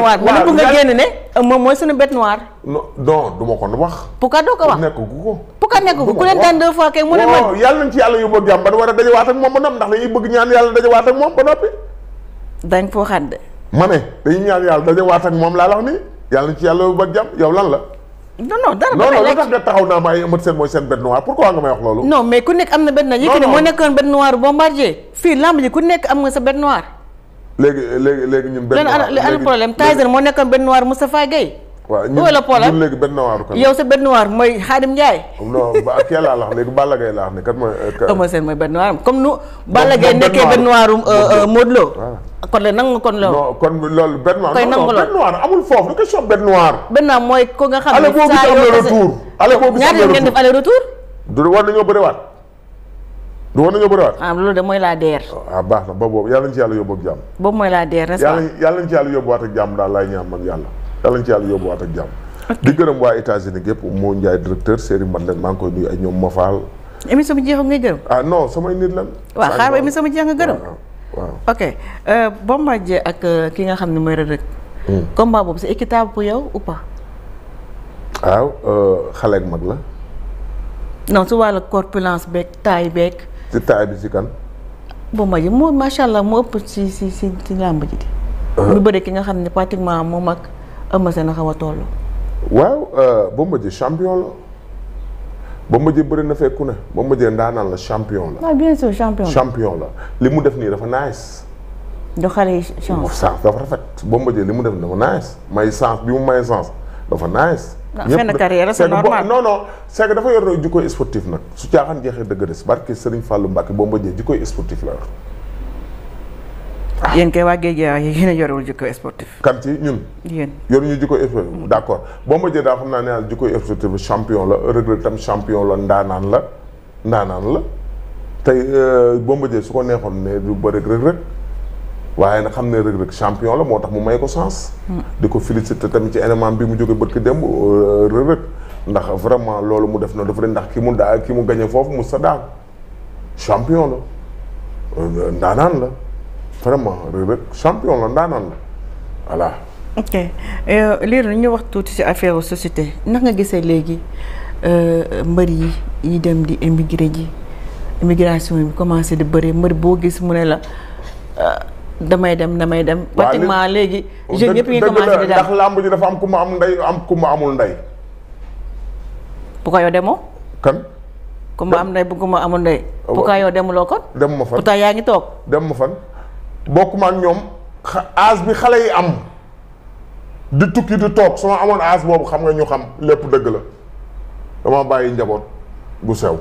bête noire moom mooy suñu bête noire. non non du ko wax. pourquoi doo ko wax nekk ku ko. pourquoi nekk ko ku leen daan deux fois kay mu ne man yàlla nañ ci yàlla yu bëgg jàmm ba war a dajawaat ak moom ak moom ba noppi dañ ko xat ma ne dañuy ñaan yàlla dajawaat ak moom laa la wax nii yàlla nañ ci yàlla yu bëgg jàmm yow lan la non non dara non non lu tax nga taxaw naa maay moo nekkoon bête noire bombardier fii lamb ji ku nekk am nga sa bête noire léegi léegi léegi ñun benn. léegi ana problème Tyson moo nekkoon benn noir Moustapha Gueye waaw ñun la benn noir kan yow sa benn noir mooy Xaadim Ndiaye. non ba kee laa lax léegi Balla Gaye laax ne kat mooy. Euh, Eumeu mooy benn noiram comme nu. Balla Gaye nekkee benn noiru um, euh, euh, Modou Lo. kon la nangu kon loolu. kon loolu benn noir. koy nangu amul foofu lu question benn noir. benn noir mooy ko nga xam ne. saa yoo ko retour allé boobu gis ñaata ngeen def aller du war na ñoo du war nañoo ah, loolu de mooy laa deer. Ah, baax na boobu yàlla nañu ci yàlla yóbbu ak jàmm. boobu mooy laa deer n'est-ce pas. yàlla yàlla nañu ci yàlla yóbbuwaat ak jàmm daal laay ñaan man yàlla ñu ci yàlla yóbbuwaat ak jàmm. di gërëm waa États-Unis gépp moo Ndiaye directeur Serigne Madeleine maa ngi koy nuyu ay ñoom Mofal. émission bi jeexul ngay gërëm. ah non samay nit lan. waaw xaaral émission bi jeex nga gërëm. waaw ok euh, Bombardier ak euh, ki nga xam ne mooy Reug Reug. Hmm. combat boobu c'est équitable yow ou waaw euh, xale ak mag la. non su wàllu corpulence beeg taille beeg. ci taille bi ci kan. Bombardier moo macha allah moo ëpp ci ci ci ci làmb ji di. mu bëri ki nga xam ne pratiquement moom ak. Eumeu Sène xaw a toll. waaw euh, Bombardier champion la Bombardier bëri na fekku ne Bombardier ndaanaan la champion la. waaw ah, bien sûr champion la champion li mu def nii dafa nice. jox xale yi chance dafa rafet Bombardier li mu def nii dafa nice may chance bi mu may chance dafa nice. Ah, fenn carrière c'est normal non non c'est dafa yor jikkoy sportif nag su caaxaan jeexee dëgg des barke Serigne ba Mbacke Bombardier jikkoy sportif la Ah. yéen kay waa géej gi yéen a yorewul jikko sportif. kan ci ñun. yéen yoruñu jikko sportif mm. d' accord boo ma jëlee daal xam naa ne jikko sportif bi champion la Reug Reug tam champion la ndaanaan la ndaanaan la tey euh, boo ma jëlee su ko neexoon ne du bëri Reug Reug waaye nag xam ne Reug Reug champion la moo tax mu may ko sens. Mm. di ko félicité tamit ci élément bi mu jógee bët ki dem euh, Reug Reug ndax vraiment loolu mu def na dafa leen ndax ki mu daa ki mu gañe foofu mu sa daal champion la. Euh, vraiment Reug Reug champion la ndaanaan la voilà. ok euh, Lirou ñu wax tuuti ci affaire société ndax nga gisee léegi euh, mbër yi yi dem di immigré ji immigration bi commencé di bëri mbër boo gis mu ne la euh, damay dem damay dem. pratiquement léegi. jeunes yëpp ngi commencé di daal làmb dafa am ku ma am ndey am ku ma amul ndey. bu ko yow demoo. kan. ku am ndey bu ma amul ndey. bu demuloo kon. dem ma fan pourtant yaa ngi toog. dem ma fan. bokkuma ak ñoom as bi xale yi am di tukki di toog su ma amoon as boobu xam nga ñu xam lépp dëgg la dama bàyyi njaboot bu sew.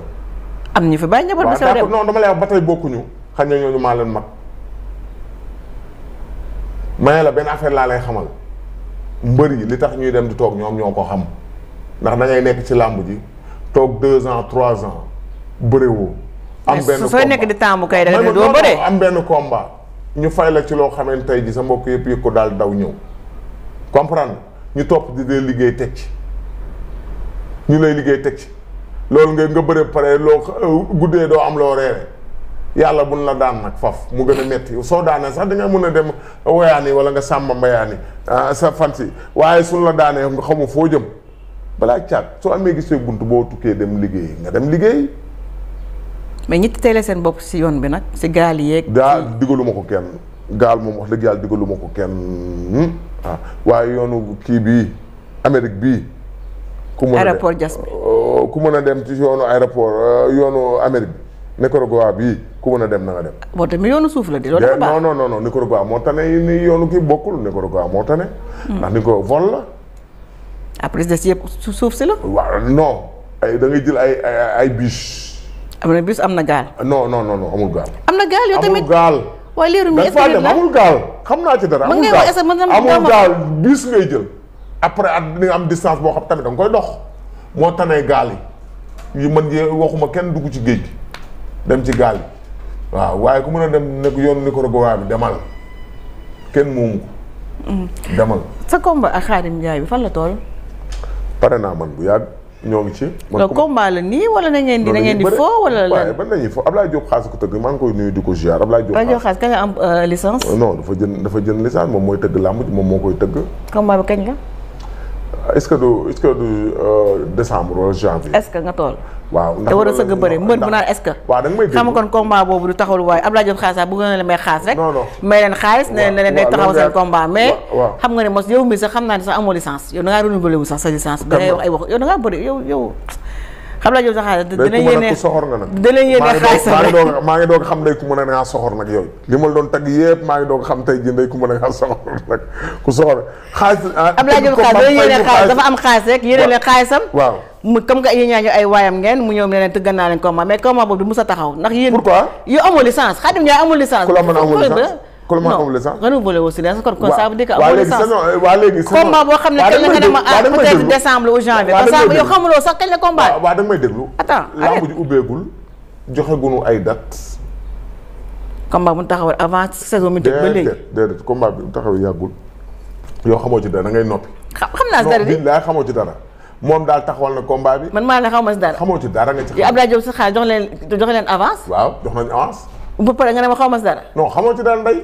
am ñi fi bàyyi njaboot bu sew non dama lay bokkuñu xañ na ñooñu maa leen mag la benn affaire laa xamal mbër yi li ñuy dem di toog ñoom ñoo ko xam ndax da ngay nekk ci làmb ji toog deux ans trois ans bëriwoo. am sooy nekk di taamu kay da doo am benn combat. ñu fay la ci loo xamante tey ji sa mbokk yëpp yëg ko daal daw ñëw comprendre ñu topp di dee liggéey teg ci ñu lay liggéey teg ci loolu nga nga bëre pare loo euh, guddee doo am loo reere yàlla buñ la daan nag faf mu gën a métti soo daanee sax da nga mën a dem woyaani wala nga sàmm mbayaani ah, sa fan si waaye suñ la daanee nga xamu foo jëm balaa caag soo amee gisee bunt boo tukkee dem liggéey nga dem liggéey mais ñi teele seen bopp si yoon bi nag si gaal yeeg. gaal digaluma ko kenn gaal moom wax dëgg yàlla digaluma ko kenn ah, waaye yoonu kii bi Amérique bii. ku mën a bi euh, ku mën a dem ci yoonu aéroport euh, yoonu Amérique bi Nicaragua bii ku mën a dem na dem. boo demee yoonu suuf la di loolu dafa baax non non non Nicaragua moo tane ni yoonu kii bokkul Nicaragua moo tane. Hmm. ndax ni ko vol la. après des yëpp suuf si la. waaw non ay da jël ay ay ay am na bus am na gaal. Ah, no non non amul gaal. am na gaal yow tamit amul gaal. waaye leeru mi amul gaal xam naa ci dara. amul gaal amul gaal bus ngay jël. après at di nga am distance boo xam tamit da koy dox moo tanee gaal yi yi man yee waxuma kenn dugg ci géej gi dem ci gaal yi waaw waaye ku mën a dem nekk yoonu Nicaragua bi demal kenn moomu ko. Mm-hmm. demal. sa combat ak Khadim Ndiaye bi fan la toll. pare naa man bu yàgg. ñoo ngi ci. man combat la nii wala na ngeen di na ngeen di foo wala lan waaye ban la ñuy foo Ablaye Diop xaas ko tëgg maa ngi koy nuyu di ko ziar Ablaye Diop. xaas kañ la am euh, licence. Euh, non dafa jën dafa jën licence moom mooy tëgg làmb moom moo koy tëgg. combat bi kañ la. est-ce que du est-ce que du euh, décembre wala janvier. est-ce que nga tool. waaw ndax te war a sëgg bëri mbër bu naan a ce que. waaw kon combat boobu du taxawul waaye Abdoulaye Diop xaalis bu gën a la may xaalis rek. may leen xaalis. waaw waaw ne leen day taxaw seen combat mais. xam nga ne mos yow mi sax xam naa ne sax amoo licence yow da ngaa renouvelé wu sax sa licence. da wax ay wax yow da ngaa bëri yow yow. xam laa yow sa xaalis dinañ yéene xaalis maa ngi doog maa xam ndey ku mën a ngaa soxor nag yooyu li ma la doon tagg yëpp maa ngi doog xam tey ji ndey ku a ngaa soxor nag ku soxor xaalis am laa jël xaalis dinañ yéene xaalis dafa am xaalis rek yéene leen xaalisam waaw mu comme que yéen ñaa ñu ay waayam ngeen mu ñëw ne leen naa leen combat mais combat boobu du mus a taxaw ndax yéen pourquoi yow amul licence Khadim Ndiaye amul licence ku la mën amul licence ku ma xamul sax renouvelé aussi la kon kon ça veut dire que amul sax waa léegi euh, combat boo xam ne kañ la nga dem ah peut-être décembre ou janvier parce que yow xamuloo sax kañ la combat waaw da nga may déglu attends lamb ji ubbeegul joxe gunu ay date combat bu taxawal avant saison mi tëj ba léegi déedéet combat bi taxawal yàggul yoo xamoo ci dara da ngay noppi xam naa dara di laa xamoo ci dara moom daal taxawal na combat bi man maa la xaw ma si dara xamoo ci dara nga ci xam Abdoulaye Diop si xaar jox leen jox leen avance waaw jox nañ avance bu pare nga ne ma xaw ma si dara non xamoo ci dara ndey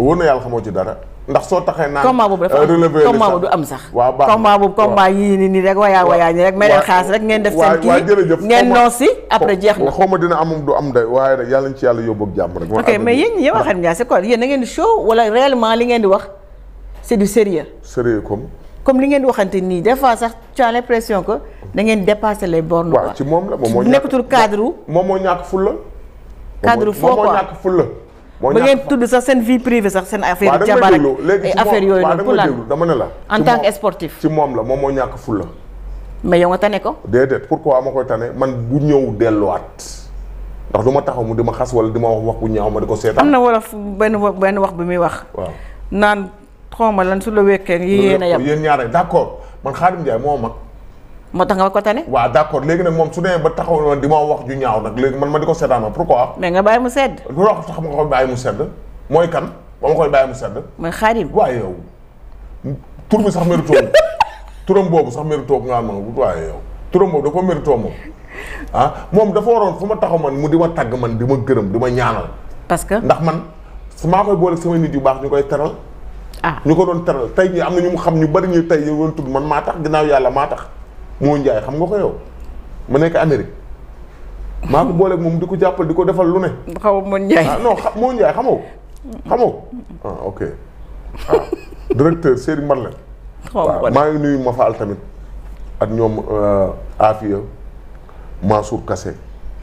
wóor na yàlla xamoo ci dara. ndax soo taxee naan combat boobu dafa euh, combat boobu du am sax waaw baax combat boobu combat yii ni nii rek wayaa wayaa nii rek may leen xaas rek ngeen def seen ngeen non si après jeex na ok mais yéen yéen waa xam c'est quoi yéen da ngeen di show wala réellement li ngeen di wax c'est du sérieux sérieux comme comme li ngeen di waxante nii des sax tu as l'impression que da dépasser les bornes waaw ci moom la moo moo ba ngeen tudd sax seen vie privée sax seen affaire jabar ak affaire yooyu noonu pour lan dama ne la en tant que sportif ci moom la moom moo ñàkk fulla mais yow nga tane ko déedéet pourquoi ma koy tane man bu ñëw delluwaat ndax du ma taxaw mu di ma xas wala di ma wax wax bu ñaaw ma di ko seetaan am na wala benn benn wax bi muy wax waaw naan xaw ma lan su la wekkee yéen a yem yéen ñaar d'accord man Khadim Ndiaye moo mag moo tax nga ko tane. waa d'accord léegi nag moom su demee ba taxaw na di ma wax ju ñaaw nag léegi man ma di ko seetaan ma pourquoi. mais nga bàyyi mu sedd. lu wax tax ma ko bàyyi mu sedd mooy kan ba ma koy bàyyi mu sedd. mooy xaarim waaye yow tur sax méritoo turam boobu sax méritoo nga yow turam boobu da ko méritoo moom ah moom dafa waroon fu ma taxaw man mu di ma tàgg man di ma gërëm di ma ñaanal. parce que ndax man maa koy boole sama nit yu baax ñu koy teral. ah ñu ko doon teral tey jii am na ñu mu xam ñu bari ñu tey yow doon tudd man maa tax ginnaaw yàlla maa tax moo njaay xam nga ko yow ma nekk Amérique maa ko booleeg moom di ko jàppal di ko defal lu ne. xaw ma njaay ah non xa moo njaay xamoo xamoo ah, ok ah, directeur Serigne Marlène. xaw maa ngi nuyu ma faal tamit ak ñoom euh, Afia Mansour kase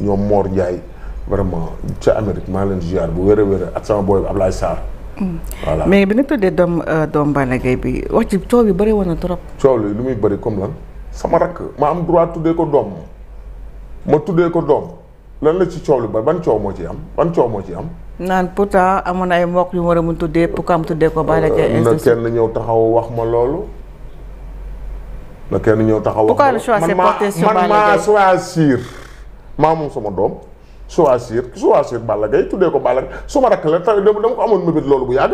ñoom Mor Ndiaye vraiment ca Amérique maa leen ziar bu wér a wér ak sama booy Ablaye Sarr. Mm. voilà mais bi nga tuddee doom euh, doom Balla Gaye bi wax ci coow bi bëri woon na trop. coow li lu muy bari comme lan. sama rakk ma am droit tuddee ko doom ma tuddee ko doom lan la ci coow lu ba ban coow moo ci am ban coow moo ci am. naan pourtant amoon ay mbokk yu war a tuddee pour am tuddee ko. Balla Gaye na ñëw taxaw wax ma loolu. kenn ñëw taxaw wax ma loolu man maa choisir maa sama doom. choisir choisir Balla Gaye tuddee ko Balla Gaye su ma rakk la tamit dama ko amoon mébét loolu bu yàgg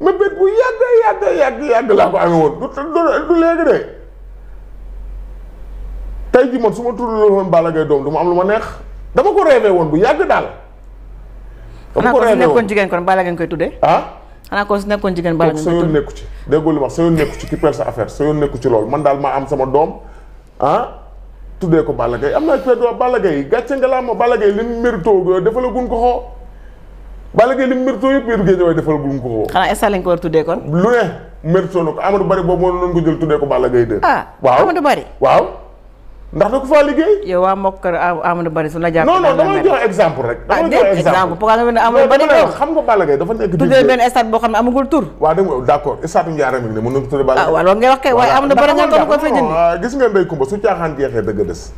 mébét bu yàgg yàgg yàgg yàgg laa ko amee woon du léegi de. tey ji man su ma tuddaloon Balla Gaye doom du ma am lu ma neex dama ko rêvé woon bu yàgg daal. dama ko rêvé woon xanaa kon su nekkoon jigéen kon Balla Gaye koy tuddee. ah xanaa kon su nekkoon jigéen Balla Gaye koy tuddee. ma wax sa daal maa sama doom ah tuddee ko Balla Gaye am naa ci waa Balla Gaye laa ma Balla Gaye li mu mérito dafa ko xoo Balla Gaye li mu mérito yëpp yëpp géej waaye la gun ko xoo. xanaa instant lañ ko war tuddee kon. lu ne mérito na ko Bari boobu moo doon ko jël tuddee ko Balla Gaye de. ah Bari waaw. ndax da ko faa liggéey. yow waa Mokar Amadou Bari su la jàpp. non non damay joxe exemple rek. damay ah, joxe exemple pourquoi nga dafa boo xam ne amagul tur. waaw dégg nga d' accord stade Ndiarème ne mën na ko ah, gis nga Ndeye Kumba su caaxaan jeexee dëgg des.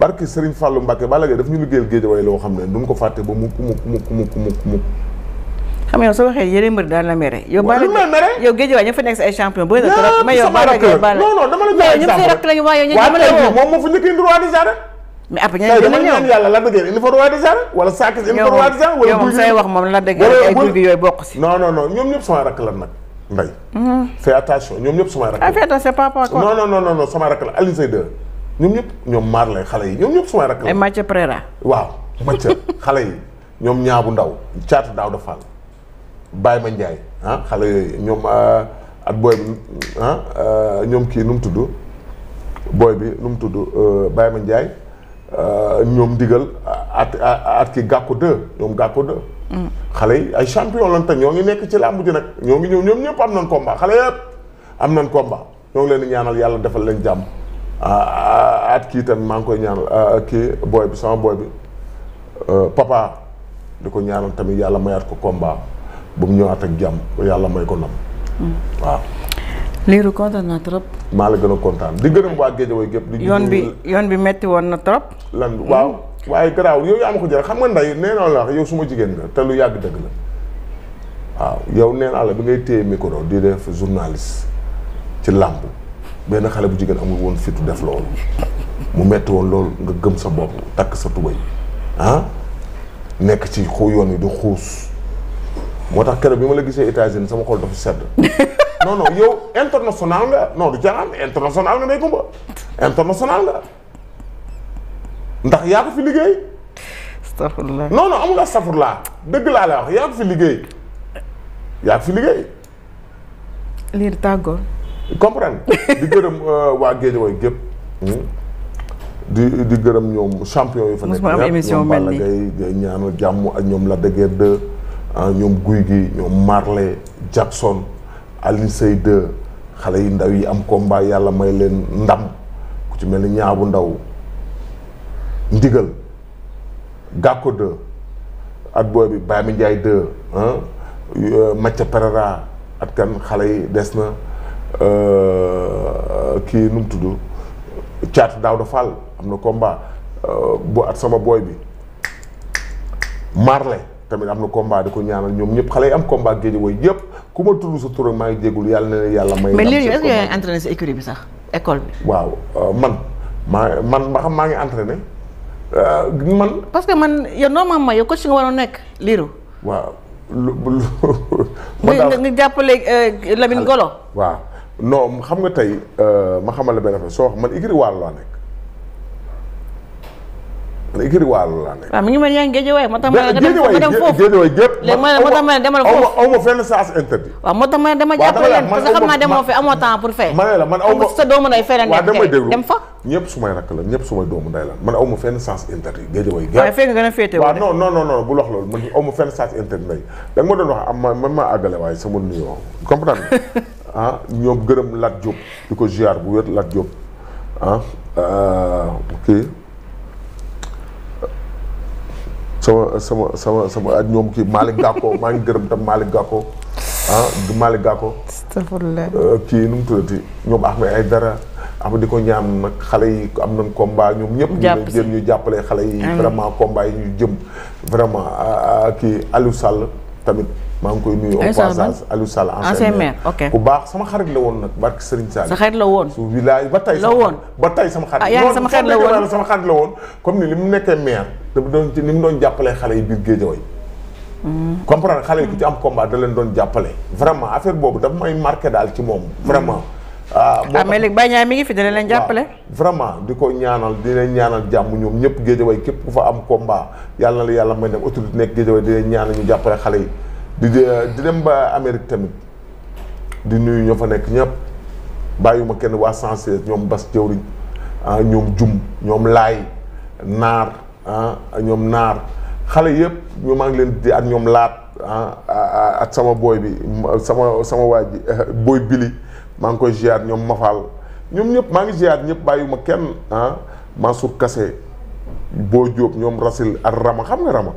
barki Serigne Fallou Mbacke Balla Gaye daf ñu liggéeyal géej waaye loo xam ne duñ ko fàtte ba mukk mukk mukk mukk mukk xam nga yow soo waxee yéen mbër daan la mere. yow baal yow géej waay na trop. mais yow baal ak yow baal non non dama waaye ñoom ñëpp samay mhm. ah, rakk la nag mbay la ah yi ñoom ñëpp samay rakk la ay Mathieu Préra waaw Mathieu ñaabu ndaw caatu daaw da fall Baye Ma Ndiaye ah xale yooyu ñoom at ah, booy bi ah, ah, ñoom kii nu mu tudd booy bi nu mu tudd euh, baay Ma Ndiaye euh, ñoom digal at at ki gàkku deux ñoom gàkku deux mm. xale yi ay champion lañ te ñoo ngi nekk ci làmb ji nag ñoo ngi ñëw ñoom ñëpp am nañ combat xale yëpp am nañ combat ñoo ngi leen di ñaanal yàlla defal leen jàmm at kii tamit maa ngi koy ñaanal kii booy bi sama booy bi euh, papa di ko ñaanal tamit yàlla mayaat ko combat ba mu ñëwaat ak jàmm yàlla may ko nam waaw. liiru kontaan naa trop. maa la gën a kontaan di gërëm waa Géejawaay gépp di yoon bi yoon metti woon na trop. lan waaw waaye garaaw yow yaa ma ko jël xam nga nday nee naa la yow suma jigéen nga te lu yàgg dëgg la waaw yow nee naa la bi ngay téye micro di def journaliste ci làmb benn xale bu jigéen amul woon fitu def loolu mu metti woon loolu nga gëm sa bopp takk sa tubay ah nekk ci xu yoon yi di xuus. moo tax keroog bi ma la gisee États-Unis sama xol dafa sedd non non yow international nga non du caaxaan international nga day kumba international nga ndax yaa ko fi liggéey. astafurlah non non amul astafurlah dëgg laa la wax yaa ko fi liggéey yaa ko fi liggéey. liir tàggoo. comprendre di gërëm euh, waa Guédiawaye gépp hmm? di di gërëm ñoom champion yu fa nekk. mosuma am émission mel nii ñaanal jàmm ak ñoom la dëgër ah ñoom Guy gi ñoom Marley Jackson Alioune Seye 2 xale yi ndaw yi am combat yàlla may leen ndam ku ci mel ni ñaabu ndaw ndigal Gàkko 2 at booy bi Bami Ndiaye 2 ah euh, Mathia Perera at kan xale yi des na euh, kii nu tudd Thiatou Daouda Fall am na combat euh, bu at sama booy bi Marley. tamit am na combat di ko ñaanal ñoom ñëpp xale yi am combat géej wooy yëpp ku ma tudd sa tur maa ngi jégalu yàlla na yàlla may. mais léegi est que bi sax école bi. waaw euh, man maa man ma maa ngi entraîné euh, man. parce que man yow normalement yow coach nga waroon nekk liiru. waaw lu jàppale euh, Lamine Golo. xam nga tey ma xamal la benn affaire soo wax man écurie laa nekk. écurie Waalo laa nekk. ma ne nga dem foofu géejewaay ma moo tax ma ne ma fenn sens interdit waaw moo tax ma ne dama jàppale leen parce que xam naa demoo fi amoo temps pour fee ma ne la man aw ma sa doomu ndey feneen nekk fenn sens interdit waaye fee nga gën a féete waaw non non bul wax loolu man aw fenn sens interdit nga ma doon wax am man maa àggale waaye sama nuyoo comprendre ah ñoom gërëm Lat di ko ziar bu wér Lat sama sama sama sama ak ñoom kii Malick Gakko maa ngi gërëm tam Malick Gakko ah Malick Gakko. astafurlah euh, kii nu mu tuddati ñoom Ahmed Aïdara am di ko ñaan nag xale yi am nañ combat ñoom ñëpp. jàpp si ñu jàppale xale yi. vraiment combat yi jëm. vraiment ah, ah, kii Aliou Sall tamit. maa ngi koy nuyu au passage Aliou baax sama xarit la woon nag barke Serigne Sall sa woon su wilaay ba tey la woon ba tey sama xarit ah, la woon sama xarit la woon comme ni li mu nekkee maire te bu doon ni mu doon jàppalee xale yi biir géejawaay mm. comprendre xale yi ku ci am mm. combat da leen doon jàppale. vraiment affaire boobu daf may marqué daal ci moom. Mm. vraiment. ah, ah mais léegi Baye Niang mi ngi fi dina leen jàppale. vraiment di ko ñaanal di leen ñaanal jàmm ñoom ñëpp géejawaay képp ku fa am combat yàlla na la yàlla may nekk autorité nekk géejawaay di leen ñaanal ñu jàppale xale yi di di eh, dem ba Amérique tamit di nuyu ñoo fa nekk ñëpp ma kenn waa sensé ñoom Bas Jëwriñ ah ñoom Jum ñoom Laay Naar. ah ñoom naar xale yëpp maa ngi leen di ak ñoom laat ah at ah, sama booy bi sama sama waa ji booy bili maa ngi koy ziar ñoom Mafal ñoom ñëpp maa ngi ziar ñëpp ma kenn ah Mansour Kassé boo Diop ñoom Rasil ak Rama xam nga Rama.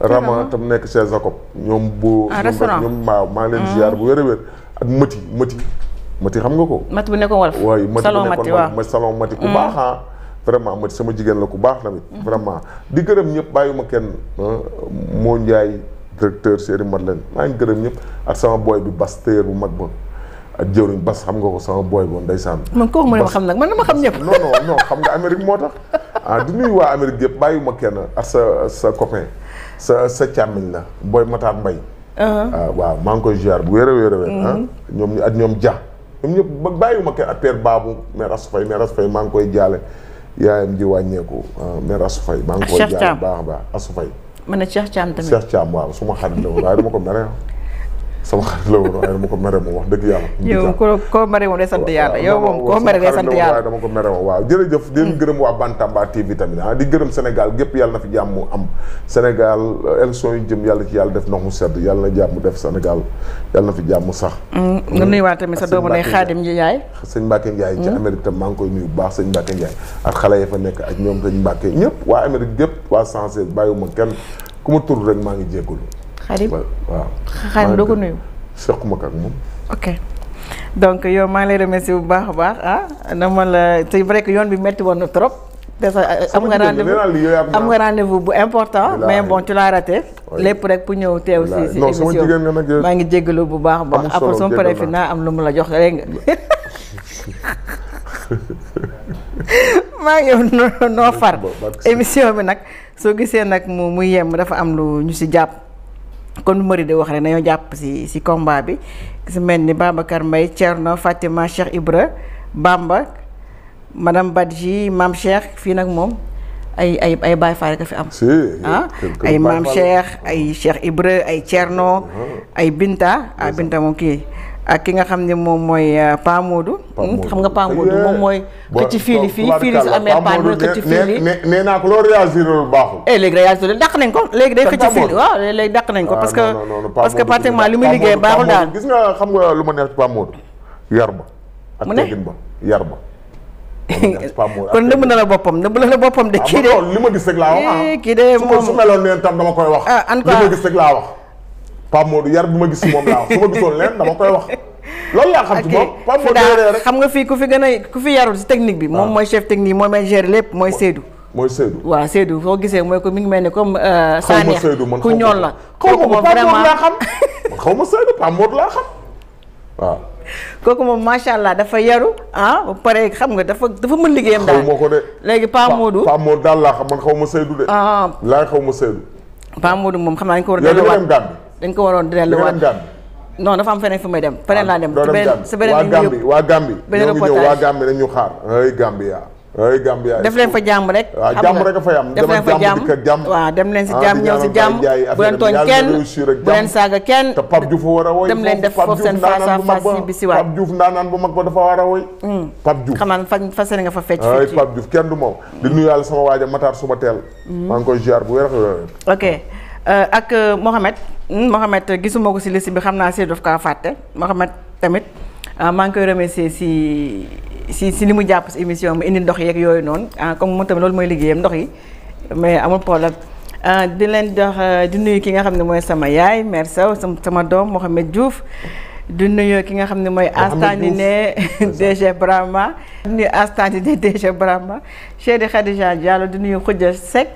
Rama tam nekk chez Jacob ñoom bu ah, ñoom waaw maa ngi leen ziar bu wér a wér ak Mati Mati Mati xam nga ko. Mati bu nekkoon Walf. salon Mati waaw salon Mati ku mm. baax ah. vraiment ma sama jigéen la ku baax tamit. Mhm. vraiment di gërëm ñëpp bàyyiwuma kenn ah, moo Ndiaye directeur Chéri Madeleine maa ngi gërëm ñëpp ak sama booy bi Bas téer bu mag ba ak jëwriñ Bas xam nga ko sama boy boobu ndeysaan. man ma xam nag man dama xam ñëpp. xam nga Amérique moo tax ah waa Amérique yëpp bàyyiwuma kenn ak sa sa copain sa sa càmmiñ la booy Matar Mbaye. Uh-huh. Ah, waaw maa ngi koy ziar bu wéer a wéer ñoom ñu ñoom ak ñoom ja ñoom ñëpp bàyyiwuma kenn ak Père Babou mère Asfay mère Asfay maa ngi koy jaale. yaayam ji wàññeeku euh, mère Assou Faye maa ngi koy jaar baax a baax Assou Faye ma ne Cheikh Thiam tamit Cheikh Thiam waaw su ma xarit la ko mere sama xarit la woon waaye dama ko mere moom wax dëgg yàlla. yow koo koo mere moom day sant yàlla yow moom koo mere day sant yàlla dama ko mere moom waaw jërëjëf di leen mm. gërëm waa Bantamba TV tamit ah di gërëm Sénégal gépp yàlla na fi jàmm am Sénégal euh, élection yu jëm yàlla ci yàlla def ndox mu sedd yàlla na jàmm def Sénégal yàlla na fi jàmm sax mm, nga mm. nuyuwaat tamit sa doomu ne Xaadim Ndiaye sëñ Mbacke Ndiaye ci Amérique tam maa ngi koy nuyu baax sëñ Mbacke Ndiaye ak xale ya fa nekk ak ñoom sëñ Mbacke ñëpp waa Amérique gépp waa Sanse bàyyiwuma kenn ku ma tur rek maa ngi jéggul xarit waaw xarit doo ko nuyu. sequma ak moom. ok donc yow maa ngi lay remercier bu baax a baax ah dama la c'est vrai que yoon bi metti woon na trop. te sa euh, am nga rendez-vous am nga rendez-vous bu important mais bon tu l'as raté lépp rek pour ñëw teew si si émission maa ngi jéggalu bu baax a baax après sama pare fi naa am lu mu la jox rek maa ngi yow noo far émission bi nag soo gisee nag mu muy yem dafa am lu ñu si jàpp kon Mori de wax rek nañoo jàpp si si combat bi su mel ni Babacar Mbaye Thierno Fatima Cheikh Ibra Bamba madame Badji mam Cheikh fii nag moom ay ay ay Baye Fall ka fi am. ah ay maam Cheikh ay Cheikh Ibra ay Thierno ah. ay Binta ah Binta moom kii. ak ki nga xam ne moom mooy euh, Pa hmm? Modou. xam nga Pa Modou moom mooy. xëcc eh, fiili fii fiili su amee Pa Modou xëcc naa ko loolu réagir loolu baaxul. eh léegi réagir dàq nañ ko léegi day xëcc fiili waaw léegi dàq nañ ko. Ah, parce que parce que pratiquement li muy liggéey baaxul daal. gis nga xam nga lu ma neex Pa Modou. yar ba. ak teggin ba yar ba. kon nëbb na la boppam nëbb na la boppam de. Ah, kii de li ma gis rek laa wax ah. Eh, kii de moom su meloon neen tam koy wax. ah en tout cas li ma gis rek laa wax. Pape Modou yar bi ma gis moom laa wax su ma gisoon leen dama koy wax. loolu laa xam ci moom Pape Modou xam nga fii ku fi ku fi yarul si technique ah. moom mooy chef technique moom mooy gérer lépp mooy Seydou. mooy gisee mooy ko mi ngi mel ni comme. Euh, xaw ma Seydou man ku ñool la. xaw ma ko Pape Modou laa xaw ma Seydou Pape Modou moom macha allah dafa yaru ah ba xam nga dafa dafa mën liggéeyam daal xaw ma ko de. léegi Pape Modou Pape Modou daal laa xam man xaw ma Seydou de. Ah. laay xaw ma moom xam naa ñu ko war a. dañ ko waroon delluwaat non dafa am feneen fu may dem feneen laa dem ah, ci beneen Gambie waa Gambie waa Gambie dañu xaar ay Gambie yaa ay Gambie yaa def leen fa jàmm rek waaw jàmm am def leen fa jàmm jàmm dem leen si ah, jàmm ñëw si jàmm bu leen tooñ kenn bu leen saaga kenn te Pape Diouf war a woy dem leen def foofu seen face à face yi bi si waat Pape Diouf ndaanaan bu mag ba dafa war a woy hmm. Pape Diouf xam naa fa seen nga fa fecc ay Pape Diouf kenn du moom di nuyu yàlla sama waaja Matar suma teel hmm. maa ngi koy ziar bu wér ok Euh, ak euh, Mohamed hmm, Mohamed euh, gisuma ko si liste bi xam naa si daf kaa fàtte Mohamed tamit ah, maa ngi koy remercier si si si li mu jàpp si émission mu indi ndox yeeg yooyu noonu ah, comme moom tamit loolu mooy liggéeyam ndox yi mais amul problème. Ah, di leen jox di nuyu ki nga xam ne mooy sama yaay mère Sow sama doom Mohamed Diouf. du nuyu ki nga xam ne mooy. Astandine DG Brahma. du nuyu Astandine DG Brahma. Cheikh Khadija Diallo du nuyu Khoudia Seck.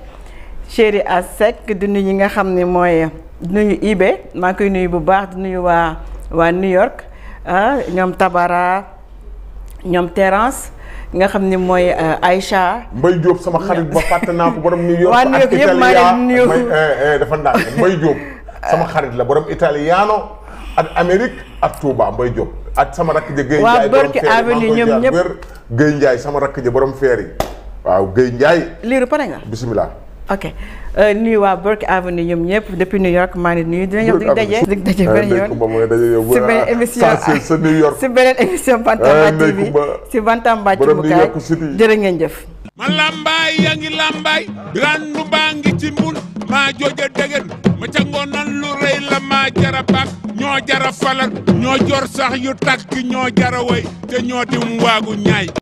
Chéri à sec di ñi nga xam ne mooy nuyu Ibe maa ngi koy nuyu bu baax di nuyu waa waa New York ah, ñoom Tabara ñoom Terence nga xam ni mooy euh, Aïcha. Mbaye Diop sama xarit ba fàtte naa ko borom New York. waa New eh, eh, dafa ndànk Mbaye Diop sama xarit la borom italiano ak Amérique ak Touba Mbaye Diop. ak sama rakk ja Guèye Ndiaye borom feer yi maa ngi koy jaar sama rakk borom feer yi waaw Guèye pare nga bisimilah. ok euh, nuyu waa Burke Avenue ñoom ñëpp depuis New York maa ngi nuyu dinañu dig daje dig daje ah, beneen yoon si beneen émission sa New York si beneen émission Bantamba ah, TV si a ci mukaay ngeen jëf ma lambaay yaa ngi lambaay birandu baa ngi ci mbul maa jooja dëgën ma ca ngoonan lu rëy la maa jara baax ñoo jara falar ñoo jor sax yu takk ñoo jara way te ñoo di mu